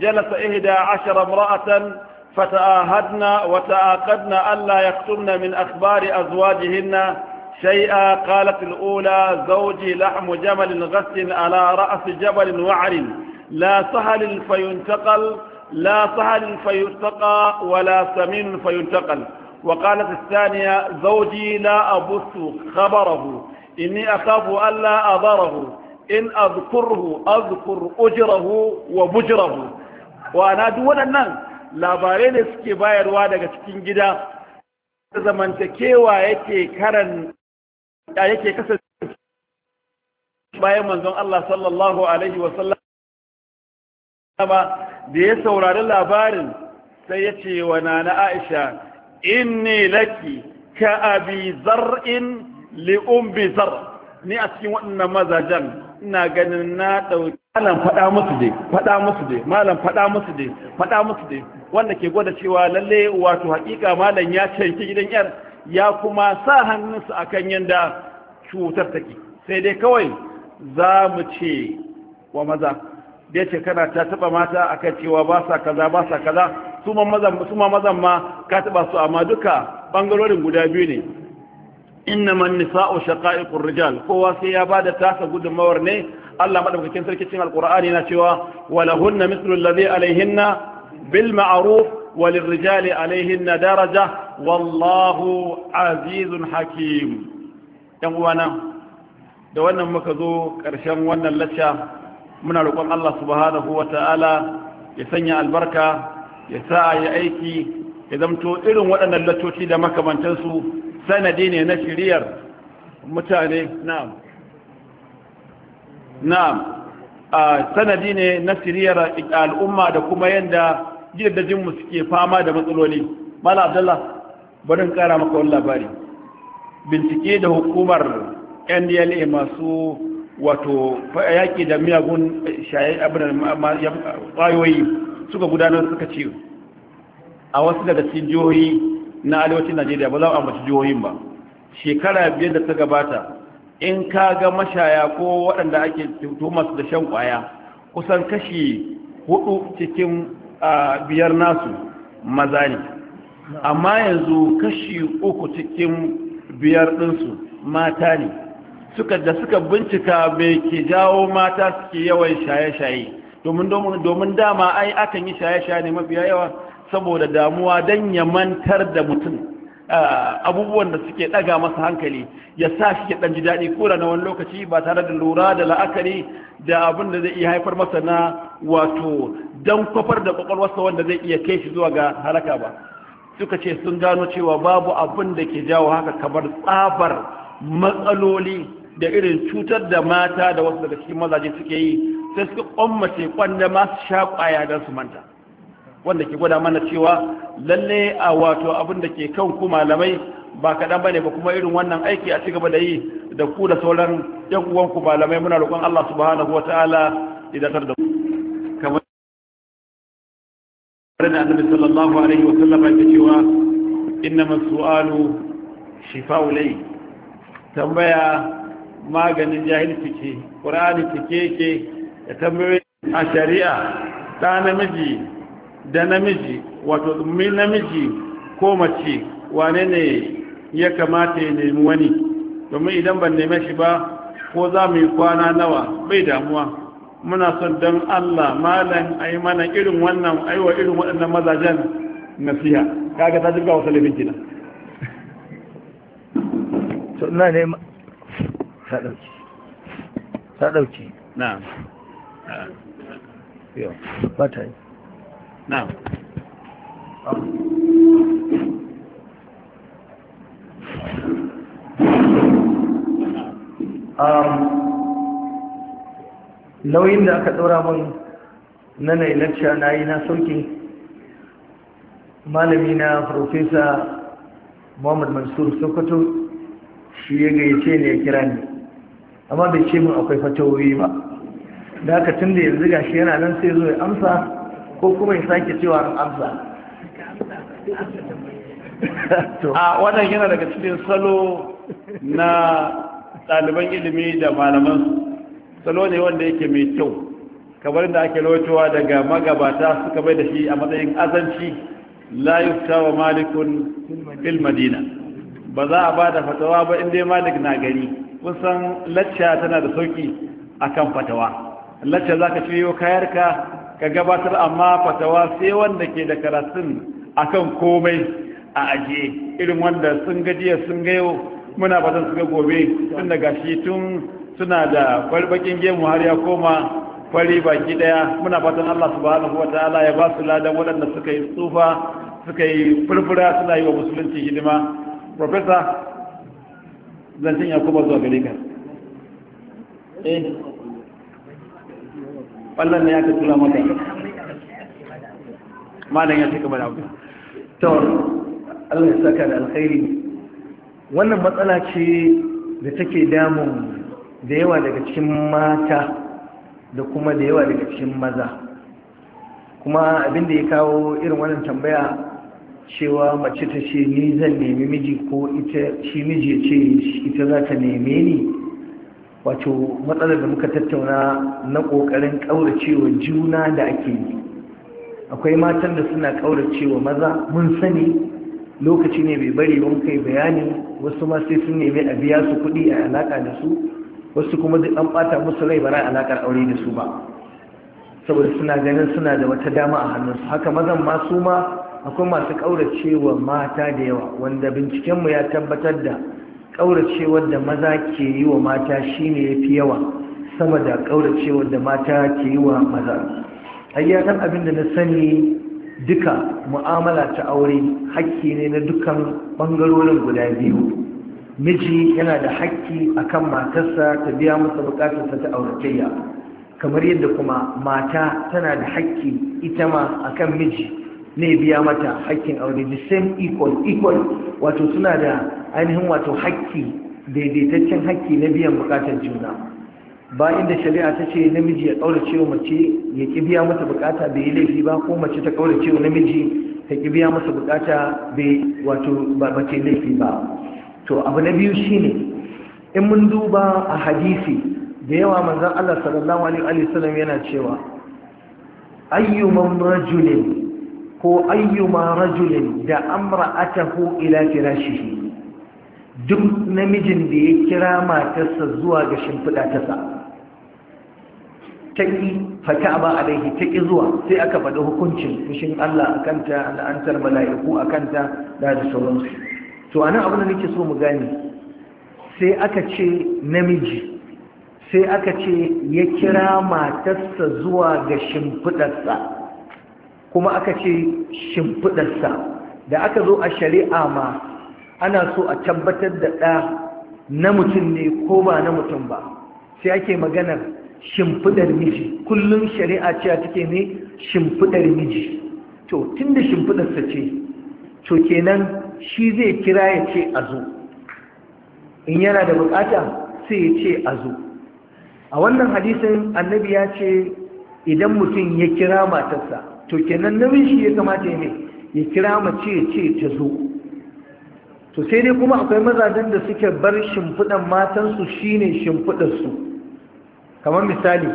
jalasa ihda ashara imra'atan fata'ahadna wa ta'aqadna alla yaqtumna min akhbari azwajihinna شيئا قالت الأولى زوجي لحم جمل غث على رأس جبل وعر لا سهل فينتقل لا سهل فيرتقى ولا سمين فينتقل وقالت الثانية زوجي لا أبث خبره إني أخاف ألا أضره إن أذكره أذكر أجره ومجره وأنا دون الناس labarai ne suke bayarwa daga cikin gida zamantakewa yake karan da yake kasance bayan manzon Allah sallallahu alaihi wa sallam da ya saurari labarin sai ya ce wa nana Aisha inni laki ka abi zar'in li umbi zar ni a cikin waɗannan mazajen ina ganin na dauki malam faɗa musu dai faɗa musu dai malam faɗa musu dai faɗa musu dai wanda ke gwada cewa lalle wato haƙiƙa malam ya canki gidan yar ya kuma sa hannunsa kan yadda cutar take sai dai kawai za mu ce wa maza da ce kana ta taba mata kan cewa ba sa kaza ba sa kaza su ma mazan ma ka taba su amma duka bangarorin guda biyu ne inna man nisa'u shaqa'iqur rijal kowa sai ya bada tasa gudunmawar ne Allah madaukakin sarki cikin alqur'ani yana cewa walahunna mithlu alladhi alayhinna bil ma'ruf walirrijali alayhinna daraja wallahu azizun hakim yan uwana da wannan muka zo ƙarshen wannan lacca muna roƙon Allah subhanahu wa ta'ala ya sanya albarka ya sa ya aiki ya zamto irin waɗannan laccoci da makamantansu sanadi ne na shiriyar mutane na'am na'am sanadi ne na shiriyar al'umma da kuma yadda gidajen mu suke fama da matsaloli mala abdullah barin kara maka wani labari bincike da hukumar ndla masu wato yaƙi da miyagun shayayi abinan ƙwayoyi suka gudanar suka ce a wasu daga cikin jihohi na arewacin najeriya ba za a ambaci jihohin ba shekara biyar da ta gabata in ka ga mashaya ko waɗanda ake tuhumar da shan ƙwaya kusan kashi hudu cikin biyar nasu maza ne amma yanzu kashi uku cikin biyar ɗinsu mata ne suka da suka bincika mai ke jawo mata suke yawan shaye-shaye domin dama ai akan yi shaye-shaye ne mafiya yawa saboda damuwa don ya mantar da mutum abubuwan da suke ɗaga masa hankali ya sa shi ke ɗan ji daɗi kura na wani lokaci ba tare da lura da la'akari da abin da zai iya haifar masa na wato don kwafar da ƙwaƙwalwarsa wanda zai iya kai shi zuwa ga halaka ba suka ce sun gano cewa babu abin da ke jawo haka kamar tsabar matsaloli da irin cutar da mata da wasu daga cikin mazaje suke yi sai suka kwammace kwanda masu sha kwaya don su manta wanda ke gwada mana cewa lalle a wato abin da ke kan ku malamai ba kaɗan ba ne ba kuma irin wannan aiki a cigaba da yi da ku da sauran yan uwanku malamai muna roƙon Allah subhanahu wa ta'ala idatar da ku da annabi sallallahu alaihi wa sallama ta cewa inna masu'alu shifa'u lay tambaya maganin jahilci ce qur'ani take ke da a shari'a ta namiji da namiji wato namiji ko mace wane ne ya kamata ya nemi wani domin idan ban neme shi ba ko za mu yi kwana nawa bai damuwa muna son don Allah malam ai mana irin wannan aiwa irin waɗannan mazajen nasiha kaga ta duka wasu lafin gina so ne ta ɗauki ta ɗauki na yau yi na um nauyin da aka ɗora mun na na lecture na yi na sauki malami na profesa muhammad mansur sokoto shi ya gayyace ne ya kira ni amma bai ce mun akwai fatawoyi ba da aka tun da yanzu gashi yana nan sai zo ya amsa ko kuma ya sake cewa an amsa (laughs) a wannan yana daga cikin salo na ɗaliban ilimi da malaman salo ne wanda yake mai kyau kamar da ake lokacewa daga magabata suka bai da shi a matsayin azanci la wa malikun fil madina ba za a ba da fatawa ba inda malik na gari kusan lacca tana da sauki kan fatawa lacca za ka ciyo kayarka ka gabatar amma fatawa sai wanda ke da karatun kan komai a ajiye irin wanda sun gajiya sun gayo muna fatan su ga gobe tun daga shi tun suna da farbakin gemu har ya koma fari baki daya muna fatan Allah subhanahu wa ta'ala ya ba su ladan waɗanda suka yi tsufa suka yi furfura suna yi wa musulunci hidima professor zancen ya kuma zuwa gare ka eh wallan ne ya ta tura mata malam ya cika mana abu to Allah ya saka da alkhairi wannan matsala ce da take damun da yawa daga cikin mata da kuma da yawa daga cikin maza kuma abinda ya kawo irin wannan tambaya cewa mace ta ce ni zan nemi miji ko ita shi miji ya ce ita za ta neme ni wato matsalar da muka tattauna na ƙoƙarin ƙauracewa juna da ake yi akwai matan da suna ƙauracewa maza mun sani lokaci ne bai bari ba muka yi bayani wasu ma sai sun nemi a biya su kuɗi a alaƙa da su wasu kuma duk an bata musu rai ba rai alakar aure da su ba saboda suna ganin suna da wata dama a hannunsu haka mazan ma su ma akwai masu ƙauracewa mata da yawa wanda bincikenmu ya tabbatar da ƙauracewar da maza ke yi wa mata shine ya fi yawa sama da ƙauracewar da mata ke yi wa maza ayyakan abin da na sani duka mu'amala ta aure hakki ne na dukan ɓangarorin guda biyu miji yana da hakki akan matarsa ta biya masa bukatarsa ta auratayya kamar yadda kuma mata tana da hakki ita ma akan miji ne biya mata hakkin aure the same equal equal wato suna da ainihin wato hakki daidaitaccen hakki na biyan bukatar juna ba inda shari'a ta ce namiji ya ƙaura cewa mace ya ki biya mata bukata bai yi laifi ba ko mace ta ƙaura cewa namiji ta ki biya masa bukata bai wato ba mace laifi ba to abu na biyu shine in mun duba a hadisi da yawa manzan Allah sallallahu alaihi wasallam yana cewa ayyuman rajulin ko ayyuma rajulin da amra'atahu ila firashihi duk namijin da ya kira matarsa zuwa ga shimfiɗa ta sa taƙi fata ba alaihi taƙi zuwa sai aka faɗi hukuncin fushin Allah a kanta la'antar mala'iku a kanta da da sauransu to anan abin da nake so mu gani sai aka ce namiji sai aka ce ya kira matarsa zuwa ga shimfidarsa kuma aka ce shimfidarsa da aka zo a shari'a ma ana so a tabbatar da ɗa na mutum ne ko ba na mutum ba sai ake maganar shimfidar miji kullum shari'a ce a take ne shimfidar miji to tun da shimfidarsa ce to kenan shi zai kira ya ce a zo in yana da bukata sai ya ce a zo a wannan hadisin annabi ya ce idan mutum ya kira matarsa to kenan nan shi ya kamata ya ne ya kira ma ce ta zo to sai dai kuma akwai mazajen da suke bar shimfiɗan matansu shine shimfiɗarsu kamar misali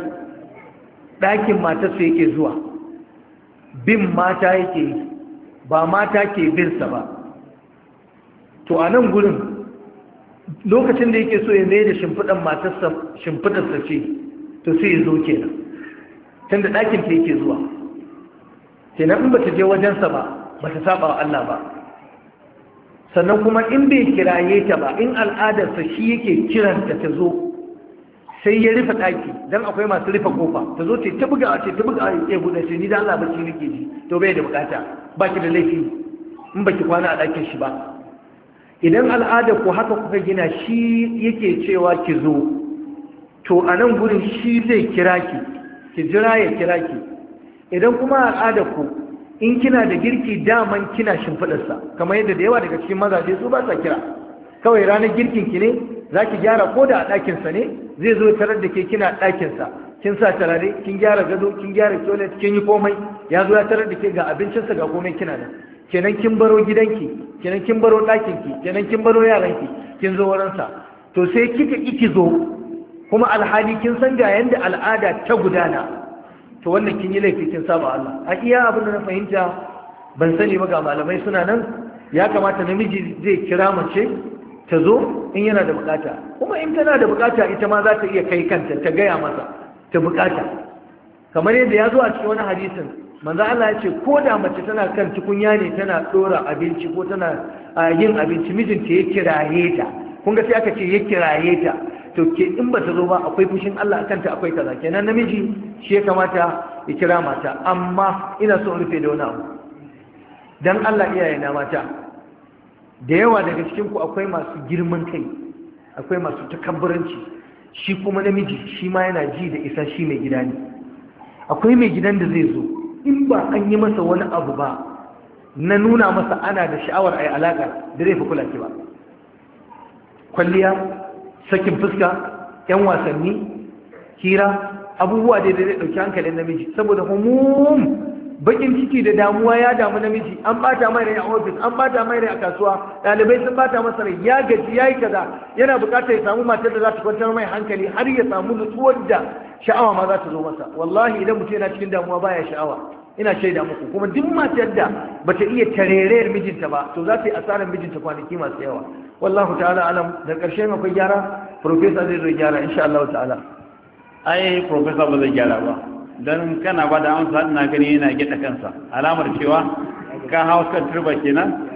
ɗakin matarsa yake zuwa bin mata yake ba mata ke binsa ba to a nan gudun, lokacin da yake so ya mai da shimfiɗan matarsa shimfiɗarsa ce to sai ya zo nan tun da ɗakin ta yake zuwa kenan in ba ta je wajensa ba ba ta saba wa Allah ba sannan kuma in bai kiraye ta ba in al'adarsa shi yake kiranta ta zo sai ya rufe ɗaki don akwai masu rufe kofa ta zo ce ta buga ce ta buga ya buɗe ce ni da Allah bacci nake ji to bai da bukata ba ki da laifi in ba ki kwana a ɗakin shi ba idan al'adar ku haka kuka gina shi yake cewa ki zo to a nan gurin shi zai kira ki ki jira ya kira ki idan kuma al'adar ku in kina da girki daman kina shimfiɗarsa kamar yadda da yawa daga cikin mazaje su ba sa kira kawai ranar girkin ki ne za ki gyara ko da a ɗakinsa ne zai zo tarar da ke kina ɗakinsa kin sa tarare kin gyara gado kin gyara toilet kin yi komai ya zo ya tarar da ke ga abincinsa ga komai kina da. kenan kin baro gidanki kenan kin baro ɗakinki kenan kin baro yaranki kin zo wurinsa to sai kika iki zo kuma alhali kin san ga yanda al'ada ta gudana to wannan kin yi laifi kin saba Allah a iya abin da na fahimta ban sani ba ga malamai suna nan ya kamata namiji zai kira mace ta zo in yana da bukata kuma in tana da bukata ita ma za ta iya kai kanta ta gaya masa ta bukata kamar yadda ya zo a cikin wani hadisin manzo Allah ya ce ko da mace tana kan tukunya ne tana dora abinci ko tana yin abinci mijinta ya kiraye ta kun ga sai aka ce ya kiraye ta to ke in ba ta zo ba akwai fushin Allah akan ta akwai kaza kenan namiji shi ya kamata ya kira mata amma ina so in rufe da wani abu dan Allah iyaye na mata da yawa daga cikin ku akwai masu girman kai akwai masu takabburanci shi kuma namiji shi ma yana ji da isa shi mai gida ne akwai mai gidan da zai zo in ba an yi masa wani abu ba na nuna masa ana da sha'awar a yi alaƙa da zai fi kula ki ba kwalliya sakin fuska yan wasanni hira abubuwa da zai ɗauki hankalin namiji saboda humum bakin ciki da damuwa ya damu namiji an bata mai rai a ofis an bata mai rai a kasuwa ɗalibai sun bata masa rai ya gaji ya yi kaza yana bukatar ya samu matar da za ta kwantar mai hankali har ya samu nutsuwar da sha'awa ma za ta zo masa wallahi idan mutum yana cikin damuwa baya sha'awa ina shaida muku kuma duk matar da bata iya tarerayar mijinta ba to za ta yi asarar mijinta kwanaki masu yawa wallahu ta'ala alam da ƙarshen akwai gyara profesa zai zo gyara insha Allah ta'ala ai profesa ba zai gyara ba don kana ba da amsa ina gani yana gida kansa alamar cewa ka hau kan turba kenan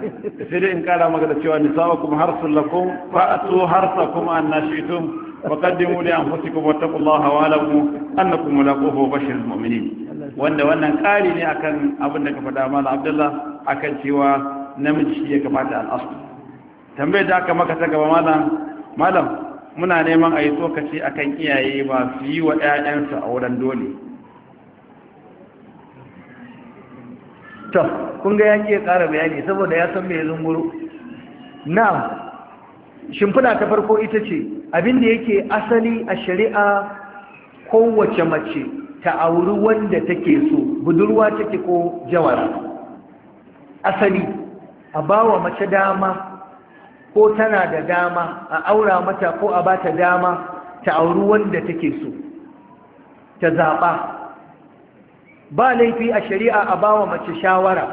sai dai in kara maka da cewa nisa'ukum harsun lakum fa'atu harsakum an nashitum وقدموا لأنفسكم واتقوا wa lakum annakum ملاقوه وبشر المؤمنين wanda wannan ƙari ne akan abin da ka faɗa mala abdullah akan cewa namiji shi ya kamata al'asu tambayar da aka maka ta gaba malam malam muna neman a yi tsokaci akan iyaye ba su yi wa 'ya'yansu a wurin dole to kun ga ya ke ƙara bayani saboda ya san mai zunguru na shimfuna ta farko ita ce abinda yake asali a shari'a kowace mace ta auri wanda take so budurwa take ko jawara asali a bawa mace dama ko tana da dama a aura mata ko a bata dama ta auri wanda take so ta zaɓa ba laifi a shari'a a bawa mace shawara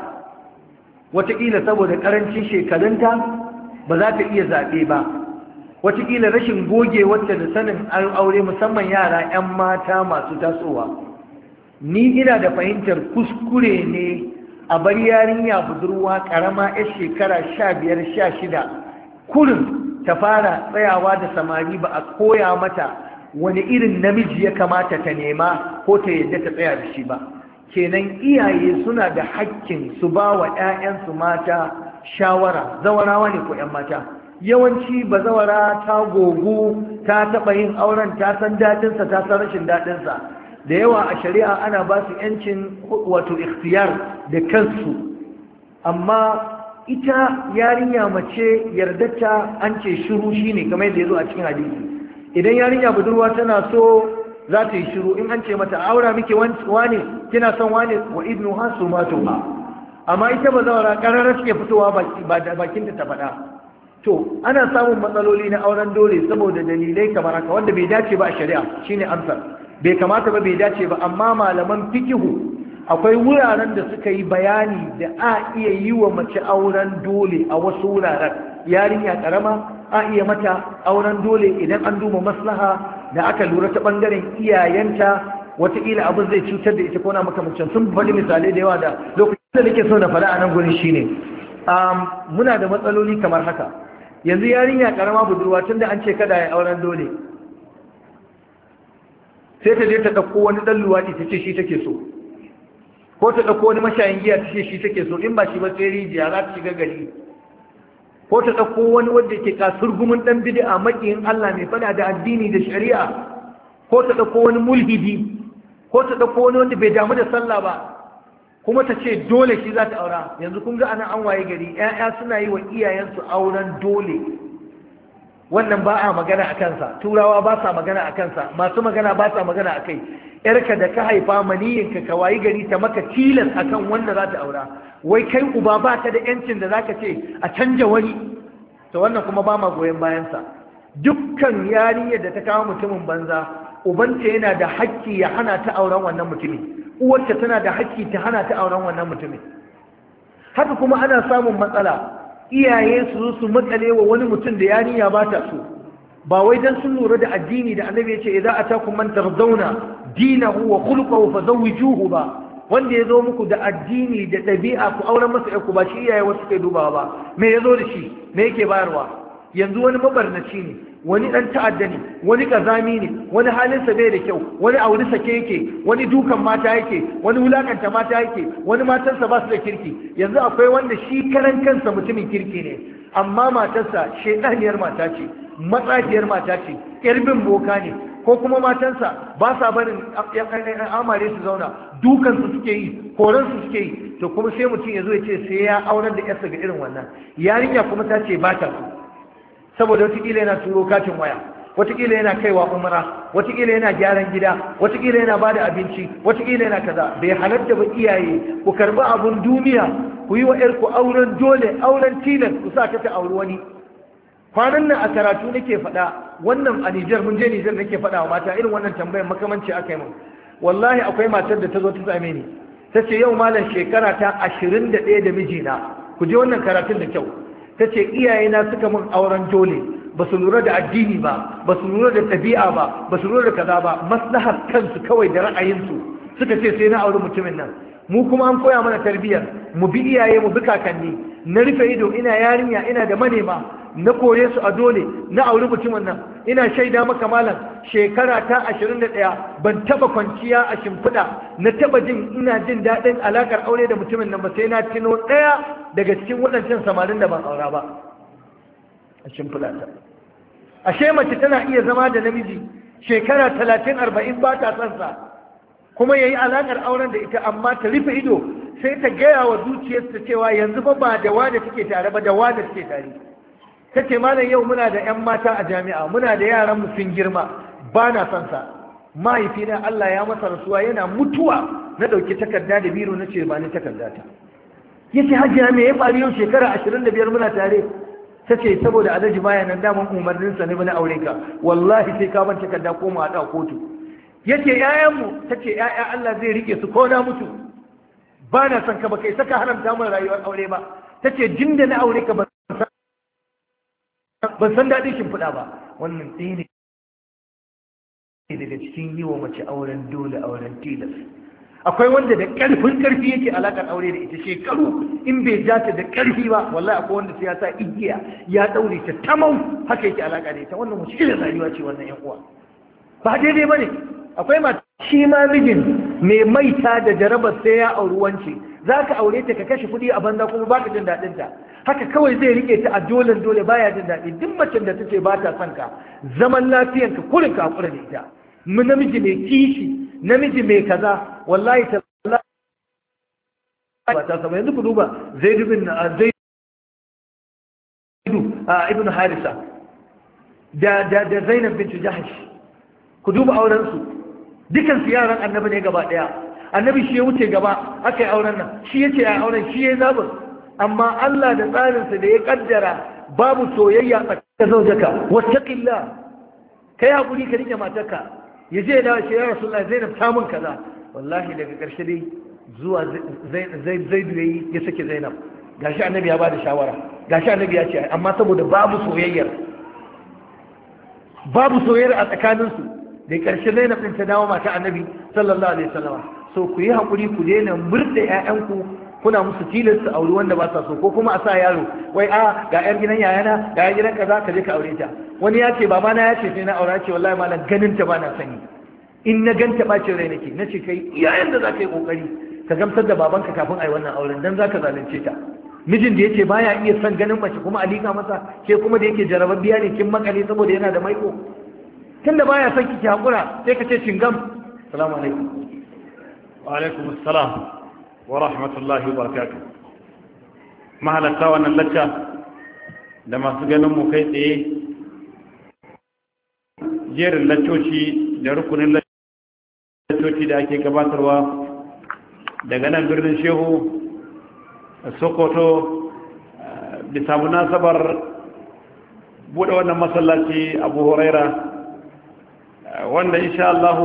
wataƙila saboda ƙarancin shekarunta ba za ta iya zaɓe ba wataƙila rashin goge wacce da sanin aure musamman yara 'yan mata masu tasowa ni ina da fahimtar kuskure ne a bar yarinya budurwa ƙarama 'yar shekara sha biyar sha shida kurin ta fara tsayawa da samari ba a koya mata wani irin namiji ya kamata ta nema ko ta yadda ta tsaya da shi ba kenan iyaye suna da hakkin su ba wa 'ya'yansu mata shawara zawarawa ne ko 'yan mata yawanci ba zawara ta gogu ta taɓa yin auren ta san daɗinsa ta san rashin daɗinsa da yawa a shari'a ana ba su 'yancin wato ikhtiyar da kansu amma ita yarinya mace yardatta an ce shiru shine kamar yadda ya zo a cikin hadisi idan yarinya budurwa tana so za ta yi shiru in an ce mata aura miki wane kina son wani wa idnu ha su ma tuha amma ita ba zaura karara suke fitowa bakin ta faɗa to ana samun matsaloli na auren dole saboda dalilai kamar haka wanda bai dace ba a shari'a shine amsar bai kamata ba bai dace ba amma malaman fikihu akwai wuraren da suka yi bayani da a iya yi wa mace auren dole a wasu wuraren yarinya karama a iya mata auren dole idan an duba maslaha da aka lura ta bangaren iyayenta wata ila abin zai cutar da ita kona makamancin sun faɗi misalai da yawa da lokacin da nake so na faɗa a nan gurin shine um, muna da matsaloli kamar haka yanzu yarinya karama budurwa tunda an ce kada ya auren dole sai ta je ta ɗauko wani ɗan luwaɗi ta ce shi take so ko ta ɗauko wani mashayin giya ta ce shi take so in ba shi ba sai rijiya za ta shiga gari ko ta ɗauko wani wanda ke kasurgumin ɗan a maƙiyin Allah mai fada da addini da shari'a ko ta ɗauko wani mulhidi ko ta ɗauko wani wanda bai damu da sallah ba kuma ta ce dole shi za ta aura yanzu kun ga ana an waye gari ƴaƴa suna yi wa iyayensu auren dole wannan ba a magana a kansa turawa ba sa magana a kansa masu magana ba sa magana a kai yarka da ka haifa maniyinka ka wayi gari ta maka tilas akan wanda za ta aura wai kai uba ba ka da yancin da zaka ce a canja wani to wannan kuma ba ma goyon bayansa dukkan yariya da ta kawo mutumin banza ubanta yana da haƙƙi ya hana ta auren wannan mutumin uwarta tana da haƙƙi ta hana ta auren wannan mutumin haka kuma ana samun matsala iyaye su zo su matsale wa wani mutum da yariya ba ta so ba wai dan sun lura da addini da annabi ya ce idza atakum man tarzauna dinahu wa khuluquhu fazawwijuhu ba wanda ya zo muku da addini da ɗabi'a ku auren masa ku ba shi iyaye wasu kai dubawa ba me ya zo da shi me yake bayarwa yanzu wani mabarnaci ne wani ɗan ta'adda ne wani kazami ne wani halinsa bai da kyau wani auri sake yake wani dukan mata yake wani wulakanta mata yake wani matarsa ba su da kirki yanzu akwai wanda shi karan kansa mutumin kirki ne amma matarsa shedaniyar mata ce matsakiyar mata ce ƙirbin boka ne ko kuma matansa ba sa barin amare su zauna dukansu suke yi koransu suke yi to kuma sai mutum ya zo ya ce sai ya aurar da yarsa ga irin wannan yarinya kuma ta ce ba ta saboda wataƙila yana turo katin waya watakila yana kaiwa umara watakila yana gyaran gida watakila yana bada abinci watakila yana kaza bai halatta ba iyaye ku karɓi abun duniya ku yi wa ƴarku auren dole auren tilas ku sa ta ta auri wani kwanan nan a karatu nake faɗa wannan a Nijar mun je Nijar nake faɗa wa mata irin wannan tambayar makamanci aka yi min wallahi akwai matar da ta zo ta same ni ta ce yau malam shekara ta ashirin da ɗaya da mijina ku je wannan karatun da kyau ta ce iyayena suka mun auren dole ba su lura da addini ba ba su lura da ɗabi'a ba ba su lura da kaza ba maslahar kansu kawai da ra'ayinsu suka ce sai na auri mutumin nan mu kuma an koya mana tarbiyyar mu bi iyaye mu bi kakanni na rufe ido ina yarinya ina da manema na kore su a dole na auri mutumin nan ina shaida maka malam shekara ta 21 ban taba kwanciya a shimfiɗa na taba jin ina jin daɗin alakar aure da mutumin nan ba sai na tino ɗaya daga cikin waɗancan samarin da ban aura ba a shimfiɗa ta ashe mace tana iya zama da namiji shekara 30 40 ba ta son sa kuma yayi alakar auren da ita amma ta rufe ido sai ta gaya wa zuciyarsa cewa yanzu ba ba da wada take tare ba da wada take tare ta ce malam yau muna da 'yan mata a jami'a muna da yaran sun girma ba na son sa mahaifina Allah ya masa rasuwa yana mutuwa na ɗauki takarda da biro na ce ba ni takarda ta ya ce hajiya me ya faru yau shekara ashirin da biyar muna tare ta ce saboda alhaji baya nan daman umarninsa ne na aure ka wallahi sai ka ban takarda ko mu haɗa kotu ya ce ‘ya'yanmu ta ce ‘ya'ya Allah zai rike su ko na mutu ba na son ka ba kai saka haramta mun rayuwar aure ba ta ce jinda na aure ka ba ban san daɗin shi fuɗa ba wannan ɗaya ne daga cikin yi wa mace auren dole auren tilas akwai wanda da ƙarfin ƙarfi yake alaƙar aure da ita shekaru in bai ja ta da ƙarfi ba wallahi akwai wanda sai ya sa igiya ya ɗaure ta tamau haka yake alaƙa da ita wannan mace irin rayuwa ce wannan yan uwa ba daidai ba ne akwai mata shi ma mijin mai maita da jarabar sai ya auri wance za ka aure ta ka kashe kuɗi a banza kuma baka jin daɗin ta haka kawai zai rike ta a dolen dole baya jin daɗi duk macen da ce ba ta son ka zaman lafiyan ka kurin ka hakura da ita mu namiji mai kishi namiji mai kaza wallahi ta ba ta sama yanzu ku duba zaidu bin ah, zaidu ibn harisa da da da zainab bin jahash ku duba auren su dukan su yaran annabi ne gaba daya annabi shi ya wuce gaba aka yi auren nan shi ya ce a auren shi ya zaɓin amma Allah da tsarinsa da ya kaddara babu soyayya tsakanin zaujaka wattaqilla kai hakuri ka rike matarka ya je da shi ya rasulullahi zainab ta mun kaza wallahi daga karshe dai zuwa zai yayi ya sake zainab gashi annabi ya ba da shawara gashi annabi ya ce amma saboda babu soyayyar babu soyayyar a tsakaninsu da karshe zainab ɗin ta dawo mata annabi sallallahu alaihi wasallam so ku yi haƙuri ku daina murda 'ya'yanku kuna musu tilasta auri wanda ba sa so ko kuma a sa yaro wai a ga yar gidan yayana ga yar gidan kaza ka je ka aure ta wani ya ce baba na ya ce sai na aura ce wallahi malam ganin ta ba na sani in na ganta bacin rai nake na ce kai ya'yan da zaka yi kokari ka gamsar da babanka kafin a yi wannan auren dan zaka zalunce ta mijin da yake baya iya son ganin mace kuma alika masa ke kuma da yake jarababbiya ne kin makale saboda yana da maiko tunda baya son kike hakura sai ka ce gam, assalamu alaikum alaikum assalam wa rahmatullahi wa barakatuh mahalarta wannan lacca da masu ganin mu kai tsaye jerin laccoci da rukunin laccoci da ake gabatarwa daga nan birnin shehu sokoto bisa munasabar buɗe wannan masallaci abu huraira wanda insha Allah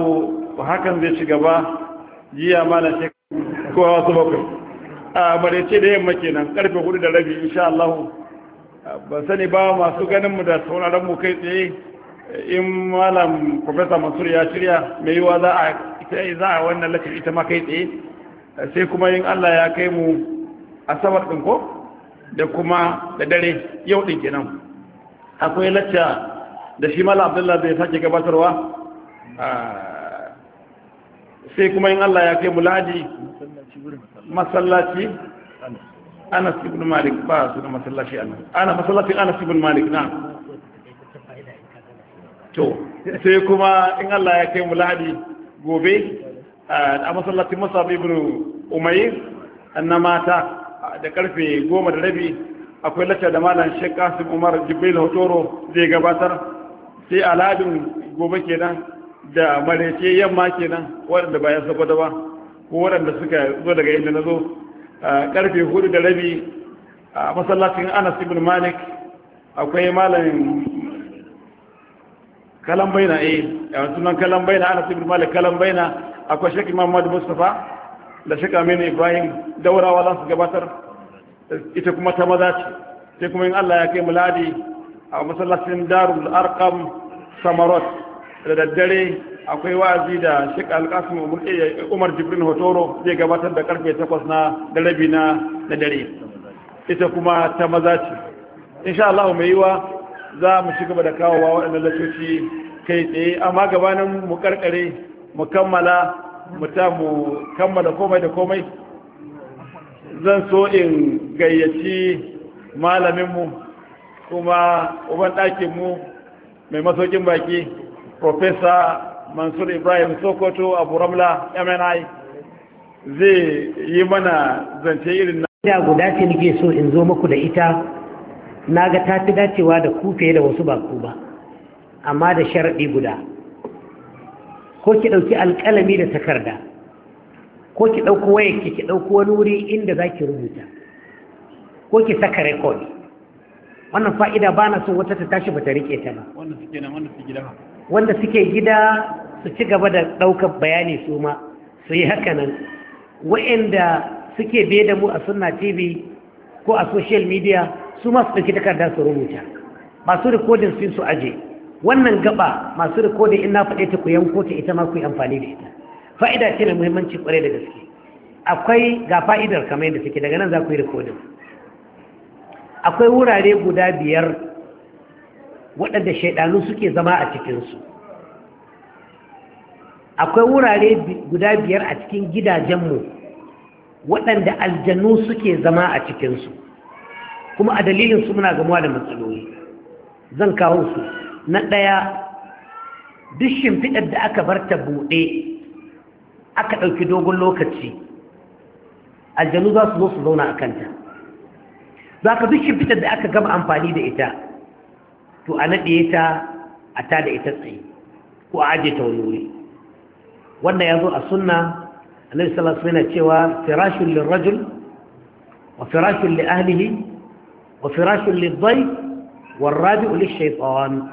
hakan zai shiga gaba. jiya malam ce kowa wasu bakwai a marece da yamma kenan karfe hudu da rabi insha Allah ba sani ba masu ganinmu da sauraron mu kai tsaye in malam professor Mansur ya shirya mai yiwa za a za a wannan lakar ita ma kai tsaye sai kuma yin Allah ya kai mu asabar din ko da kuma da dare yau din kenan akwai lacca da shi malam abdullahi bai sake gabatarwa sai kuma in Allah ya kai mu ladi masallaci Anas ibn Malik ba su da masallaci Anas ana masallacin Anas ibn Malik na to sai kuma in Allah ya kai mu ladi gobe a masallacin Musab ibn Umayr na mata da karfe goma da rabi akwai lacca da malam Sheikh Umar Jibril Hotoro zai gabatar sai aladin gobe kenan da marece yamma kenan waɗanda bayan sakwata ba ko waɗanda suka zo daga inda na zo ƙarfe hudu da rabi a masallacin anas ibn malik akwai malamin kalambaina eh a sunan kalambaina anas ibn malik kalambaina akwai shek imam mustapha da shek aminu ibrahim daurawa za su gabatar ita kuma ta maza ce sai kuma in allah ya kai muladi a masallacin darul arkam samarot da daddare akwai wa'azi da Sheikh al eh, Umar Jibrin Hotoro zai gabatar da karfe 8 na darabi na na dare ita kuma ta maza ce insha Allah mai yiwa za mu ci gaba da kawowa waɗannan lasoci kai tsaye amma gabanin mu karkare mu kammala mu ta mu kammala komai da komai zan so in gayyaci malaminmu kuma uban ɗakinmu mai masaukin baki Profesa mansur ibrahim sokoto abu ramla mni zai yi mana zance irin na da guda ce nake so in zo muku da ita na ga ta fi dacewa da ku fiye da wasu ba ku ba amma da sharaɗi guda ko ki ɗauki alƙalami da takarda ko ki ɗauko wayarki ki ɗauko wani wuri inda za ki rubuta ko ki saka rekodi wannan fa'ida ba na son wata ta tashi ba ta riƙe ta ba wannan suke kenan wannan su gida wanda suke gida su ci gaba da ɗaukar bayani su ma su yi haka nan wa'anda suke biye da mu a suna tv ko a social media su ma su ɗauki takardar su rubuta masu rikodin sun su aje wannan gaba masu rikodin ina faɗe ta ku yanko ta ita ma ku yi amfani da ita fa'ida ce na muhimmanci kwarai da gaske akwai ga fa'idar kamar yadda suke daga nan za ku yi rikodin akwai wurare guda biyar waɗanda shaidanu suke zama a cikinsu akwai wurare guda biyar a cikin gidajenmu waɗanda aljanu suke zama a cikinsu kuma a dalilinsu muna gamuwa da matsaloli zan kawo su na ɗaya duk shimfiɗar da aka bar ta buɗe aka ɗauki dogon lokaci aljanu za su zo su zauna a kanta za ka duk shimfiɗar da aka gama amfani da ita to a naɗe ta a ta da ita tsaye ko a aje ta wani wuri wannan ya zo a sunna annabi sallallahu alaihi wasallam cewa firashul lirajul wa firashul li ahlihi wa firashul lidayf wal rabi'u lishaytan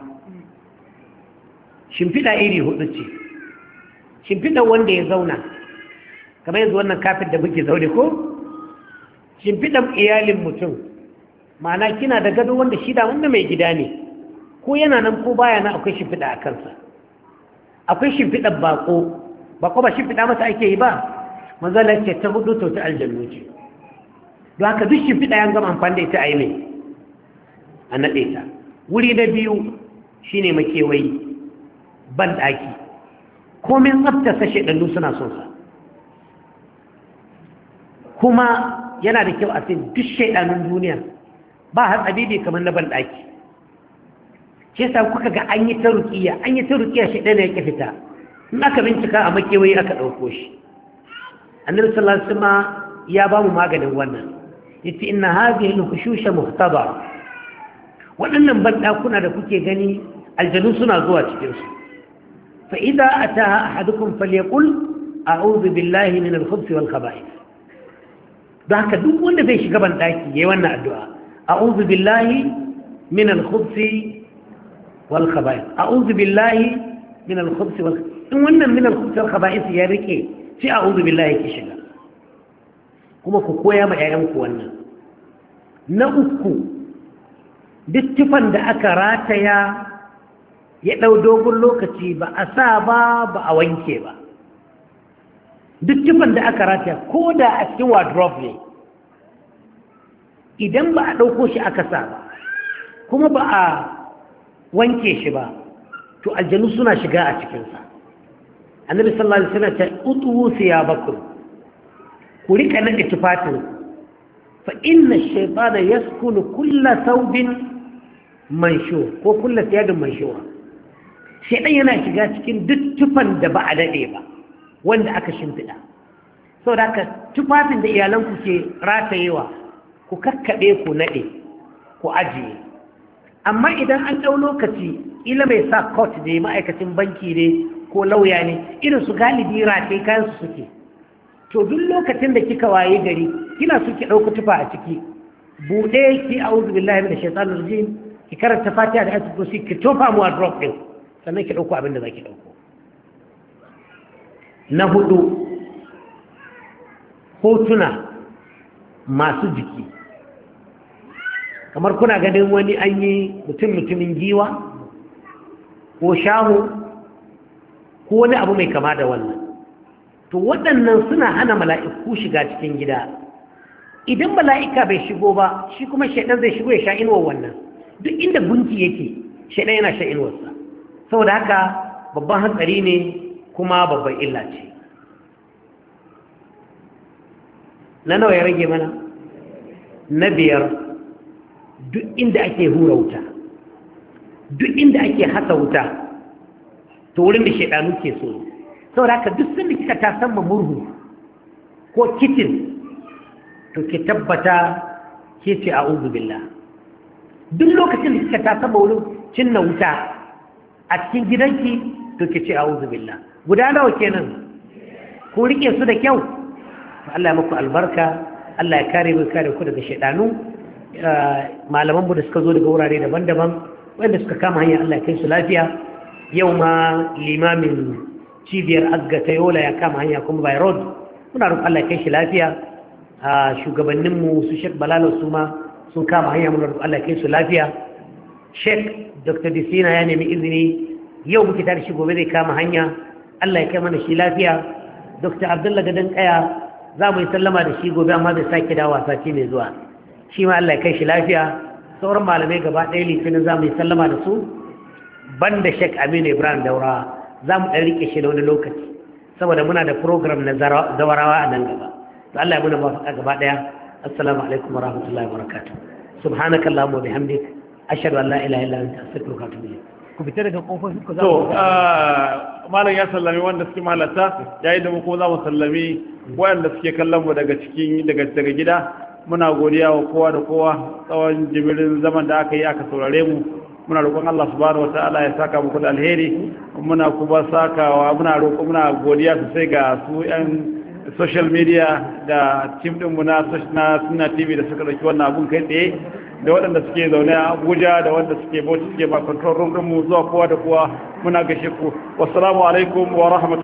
shimfida iri hudu ce shimfida wanda ya zauna kamar yanzu wannan kafin da muke zaune ko shimfidan iyalin mutum ma'ana kina da gado wanda shi da wanda mai gida ne ko yana nan ko baya nan akwai shimfiɗa a kansa akwai shimfiɗar bako bako ba shimfiɗa masa ake yi ba manzala ce ta hudu to ta aljannu ce don haka duk shimfiɗa ya gama amfani da ita a yi mai a naɗe ta wuri na biyu shine makewayi ban ɗaki komin tsabtasa shaɗannu suna son sa kuma yana da kyau a sai duk shaidanun duniya ba har ne kamar na banɗaki shi yasa kuka ga an yi ta rukiya an yi ta rukiya shi ɗaya ya fita in aka bincika a makewayi aka ɗauko shi annabi sallallahu alaihi wasallam ya ba mu maganin wannan yace inna hadhihi al-khushusha muhtadara waɗannan banɗakuna da kuke gani aljanu suna zuwa cikin su fa idza ataha ahadukum falyaqul a'udhu billahi min al-khubuthi wal khaba'ith da haka duk wanda zai shiga banɗaki yayi wannan addu'a a'udhu billahi min al-khubuthi wal khaba'is a'udhu billahi min al in wannan min al khubuth ya rike sai a billahi ki shiga kuma ku koya ma ƴaƴanku wannan na uku duk da aka rataya ya ɗau dogon lokaci ba a sa ba a wanke ba duk da aka rataya ko da a cikin wardrobe ne idan ba a ɗauko shi aka sa ba kuma ba a wanke shi ba to aljanu suna shiga a cikinsa annabi sallallahu alaihi wasallam ta utubu siyabakum ku rika naɗe tufafin fa inna shaytana yaskunu kulla thawbin manshur ko kulla thiyabin manshur shaytan yana shiga cikin duk tufan da ba a dade ba wanda aka shimfida saboda haka tufafin da iyalanku ke ratayewa ku kakkabe ku nade ku ajiye amma idan an ɗau lokaci ila mai sa court ne ma'aikacin banki ne ko lauya ne irin su galibi rafe kayan su suke to duk lokacin da kika waye gari kina suke ɗauko tufa a ciki buɗe ki a'udhu billahi minash shaitanir rajim ki karanta fatiha da ayatul kursi ki tofa mu drop din sannan ki ɗauko abin da zaki ɗauko na hudu hotuna masu jiki kamar kuna ganin wani an yi mutum mutumin giwa ko shahu ko wani abu mai kama da wannan to waɗannan suna hana mala'iku shiga cikin gida idan mala'ika bai shigo ba shi kuma shaidan zai shigo ya sha inuwar wannan duk inda gunki yake shaidan yana sha inuwarsa saboda haka babban hatsari ne kuma babban illa ce na nawa ya rage mana na biyar duk inda ake hura wuta duk inda ake hasa wuta to wurin da shaidanu ke so saboda haka duk sun da kika ta samma murhu ko kitin to ki tabbata ke ce a billah duk lokacin da kika ta samma wurin cinna wuta a cikin gidanki to ki ce a billah guda nawa kenan ku rike su da kyau Allah ya muku albarka Allah ya kare mu kare ku daga shaidanu malaman mu da suka zo daga wurare daban-daban wanda suka kama hanyar Allah kai su lafiya yau ma limamin cibiyar azga ta yola ya kama hanya kuma by road muna roƙon Allah kai shi lafiya a shugabannin mu su Sheikh Balalo su ma sun kama hanya muna roƙon Allah kai su lafiya Sheikh Dr. Disina ya nemi izini yau muke tare shi gobe zai kama hanya Allah ya kai mana shi lafiya Dr. Abdullah Gadan Kaya za mu yi sallama da shi gobe amma zai sake dawa sati mai zuwa shi ma Allah ya kai shi lafiya sauran malamai gaba ɗaya litinin za mu yi sallama da su ban da shek aminu ibrahim daura za mu ɗan riƙe shi na wani lokaci saboda muna da program na zawarawa a nan gaba to Allah ya muna mafaka gaba ɗaya assalamu alaikum wa rahmatullahi wa barakatu subhanaka allahumma wa bihamdik ashhadu an la ilaha illa anta astaghfiruka wa atubu ilayk ku fita daga kofofin ku za ku uh, malam ya sallami wanda suke malata yayin da mu ko za mu sallami wanda suke kallon mu daga cikin daga gida muna godiya wa kowa da kowa tsawon jimirin zaman da aka yi aka saurare mu muna roƙon Allah subhanahu wataala ya saka muku da alheri muna kuma sakawa muna roƙo muna godiya sosai ga su yan social media da team din mu na suna TV da suka dauki wannan abun kai tsaye da waɗanda suke zaune a Abuja da waɗanda suke Bauchi suke ba control room din mu zuwa kowa da kowa muna gaishe ku wassalamu alaikum wa rahmatullahi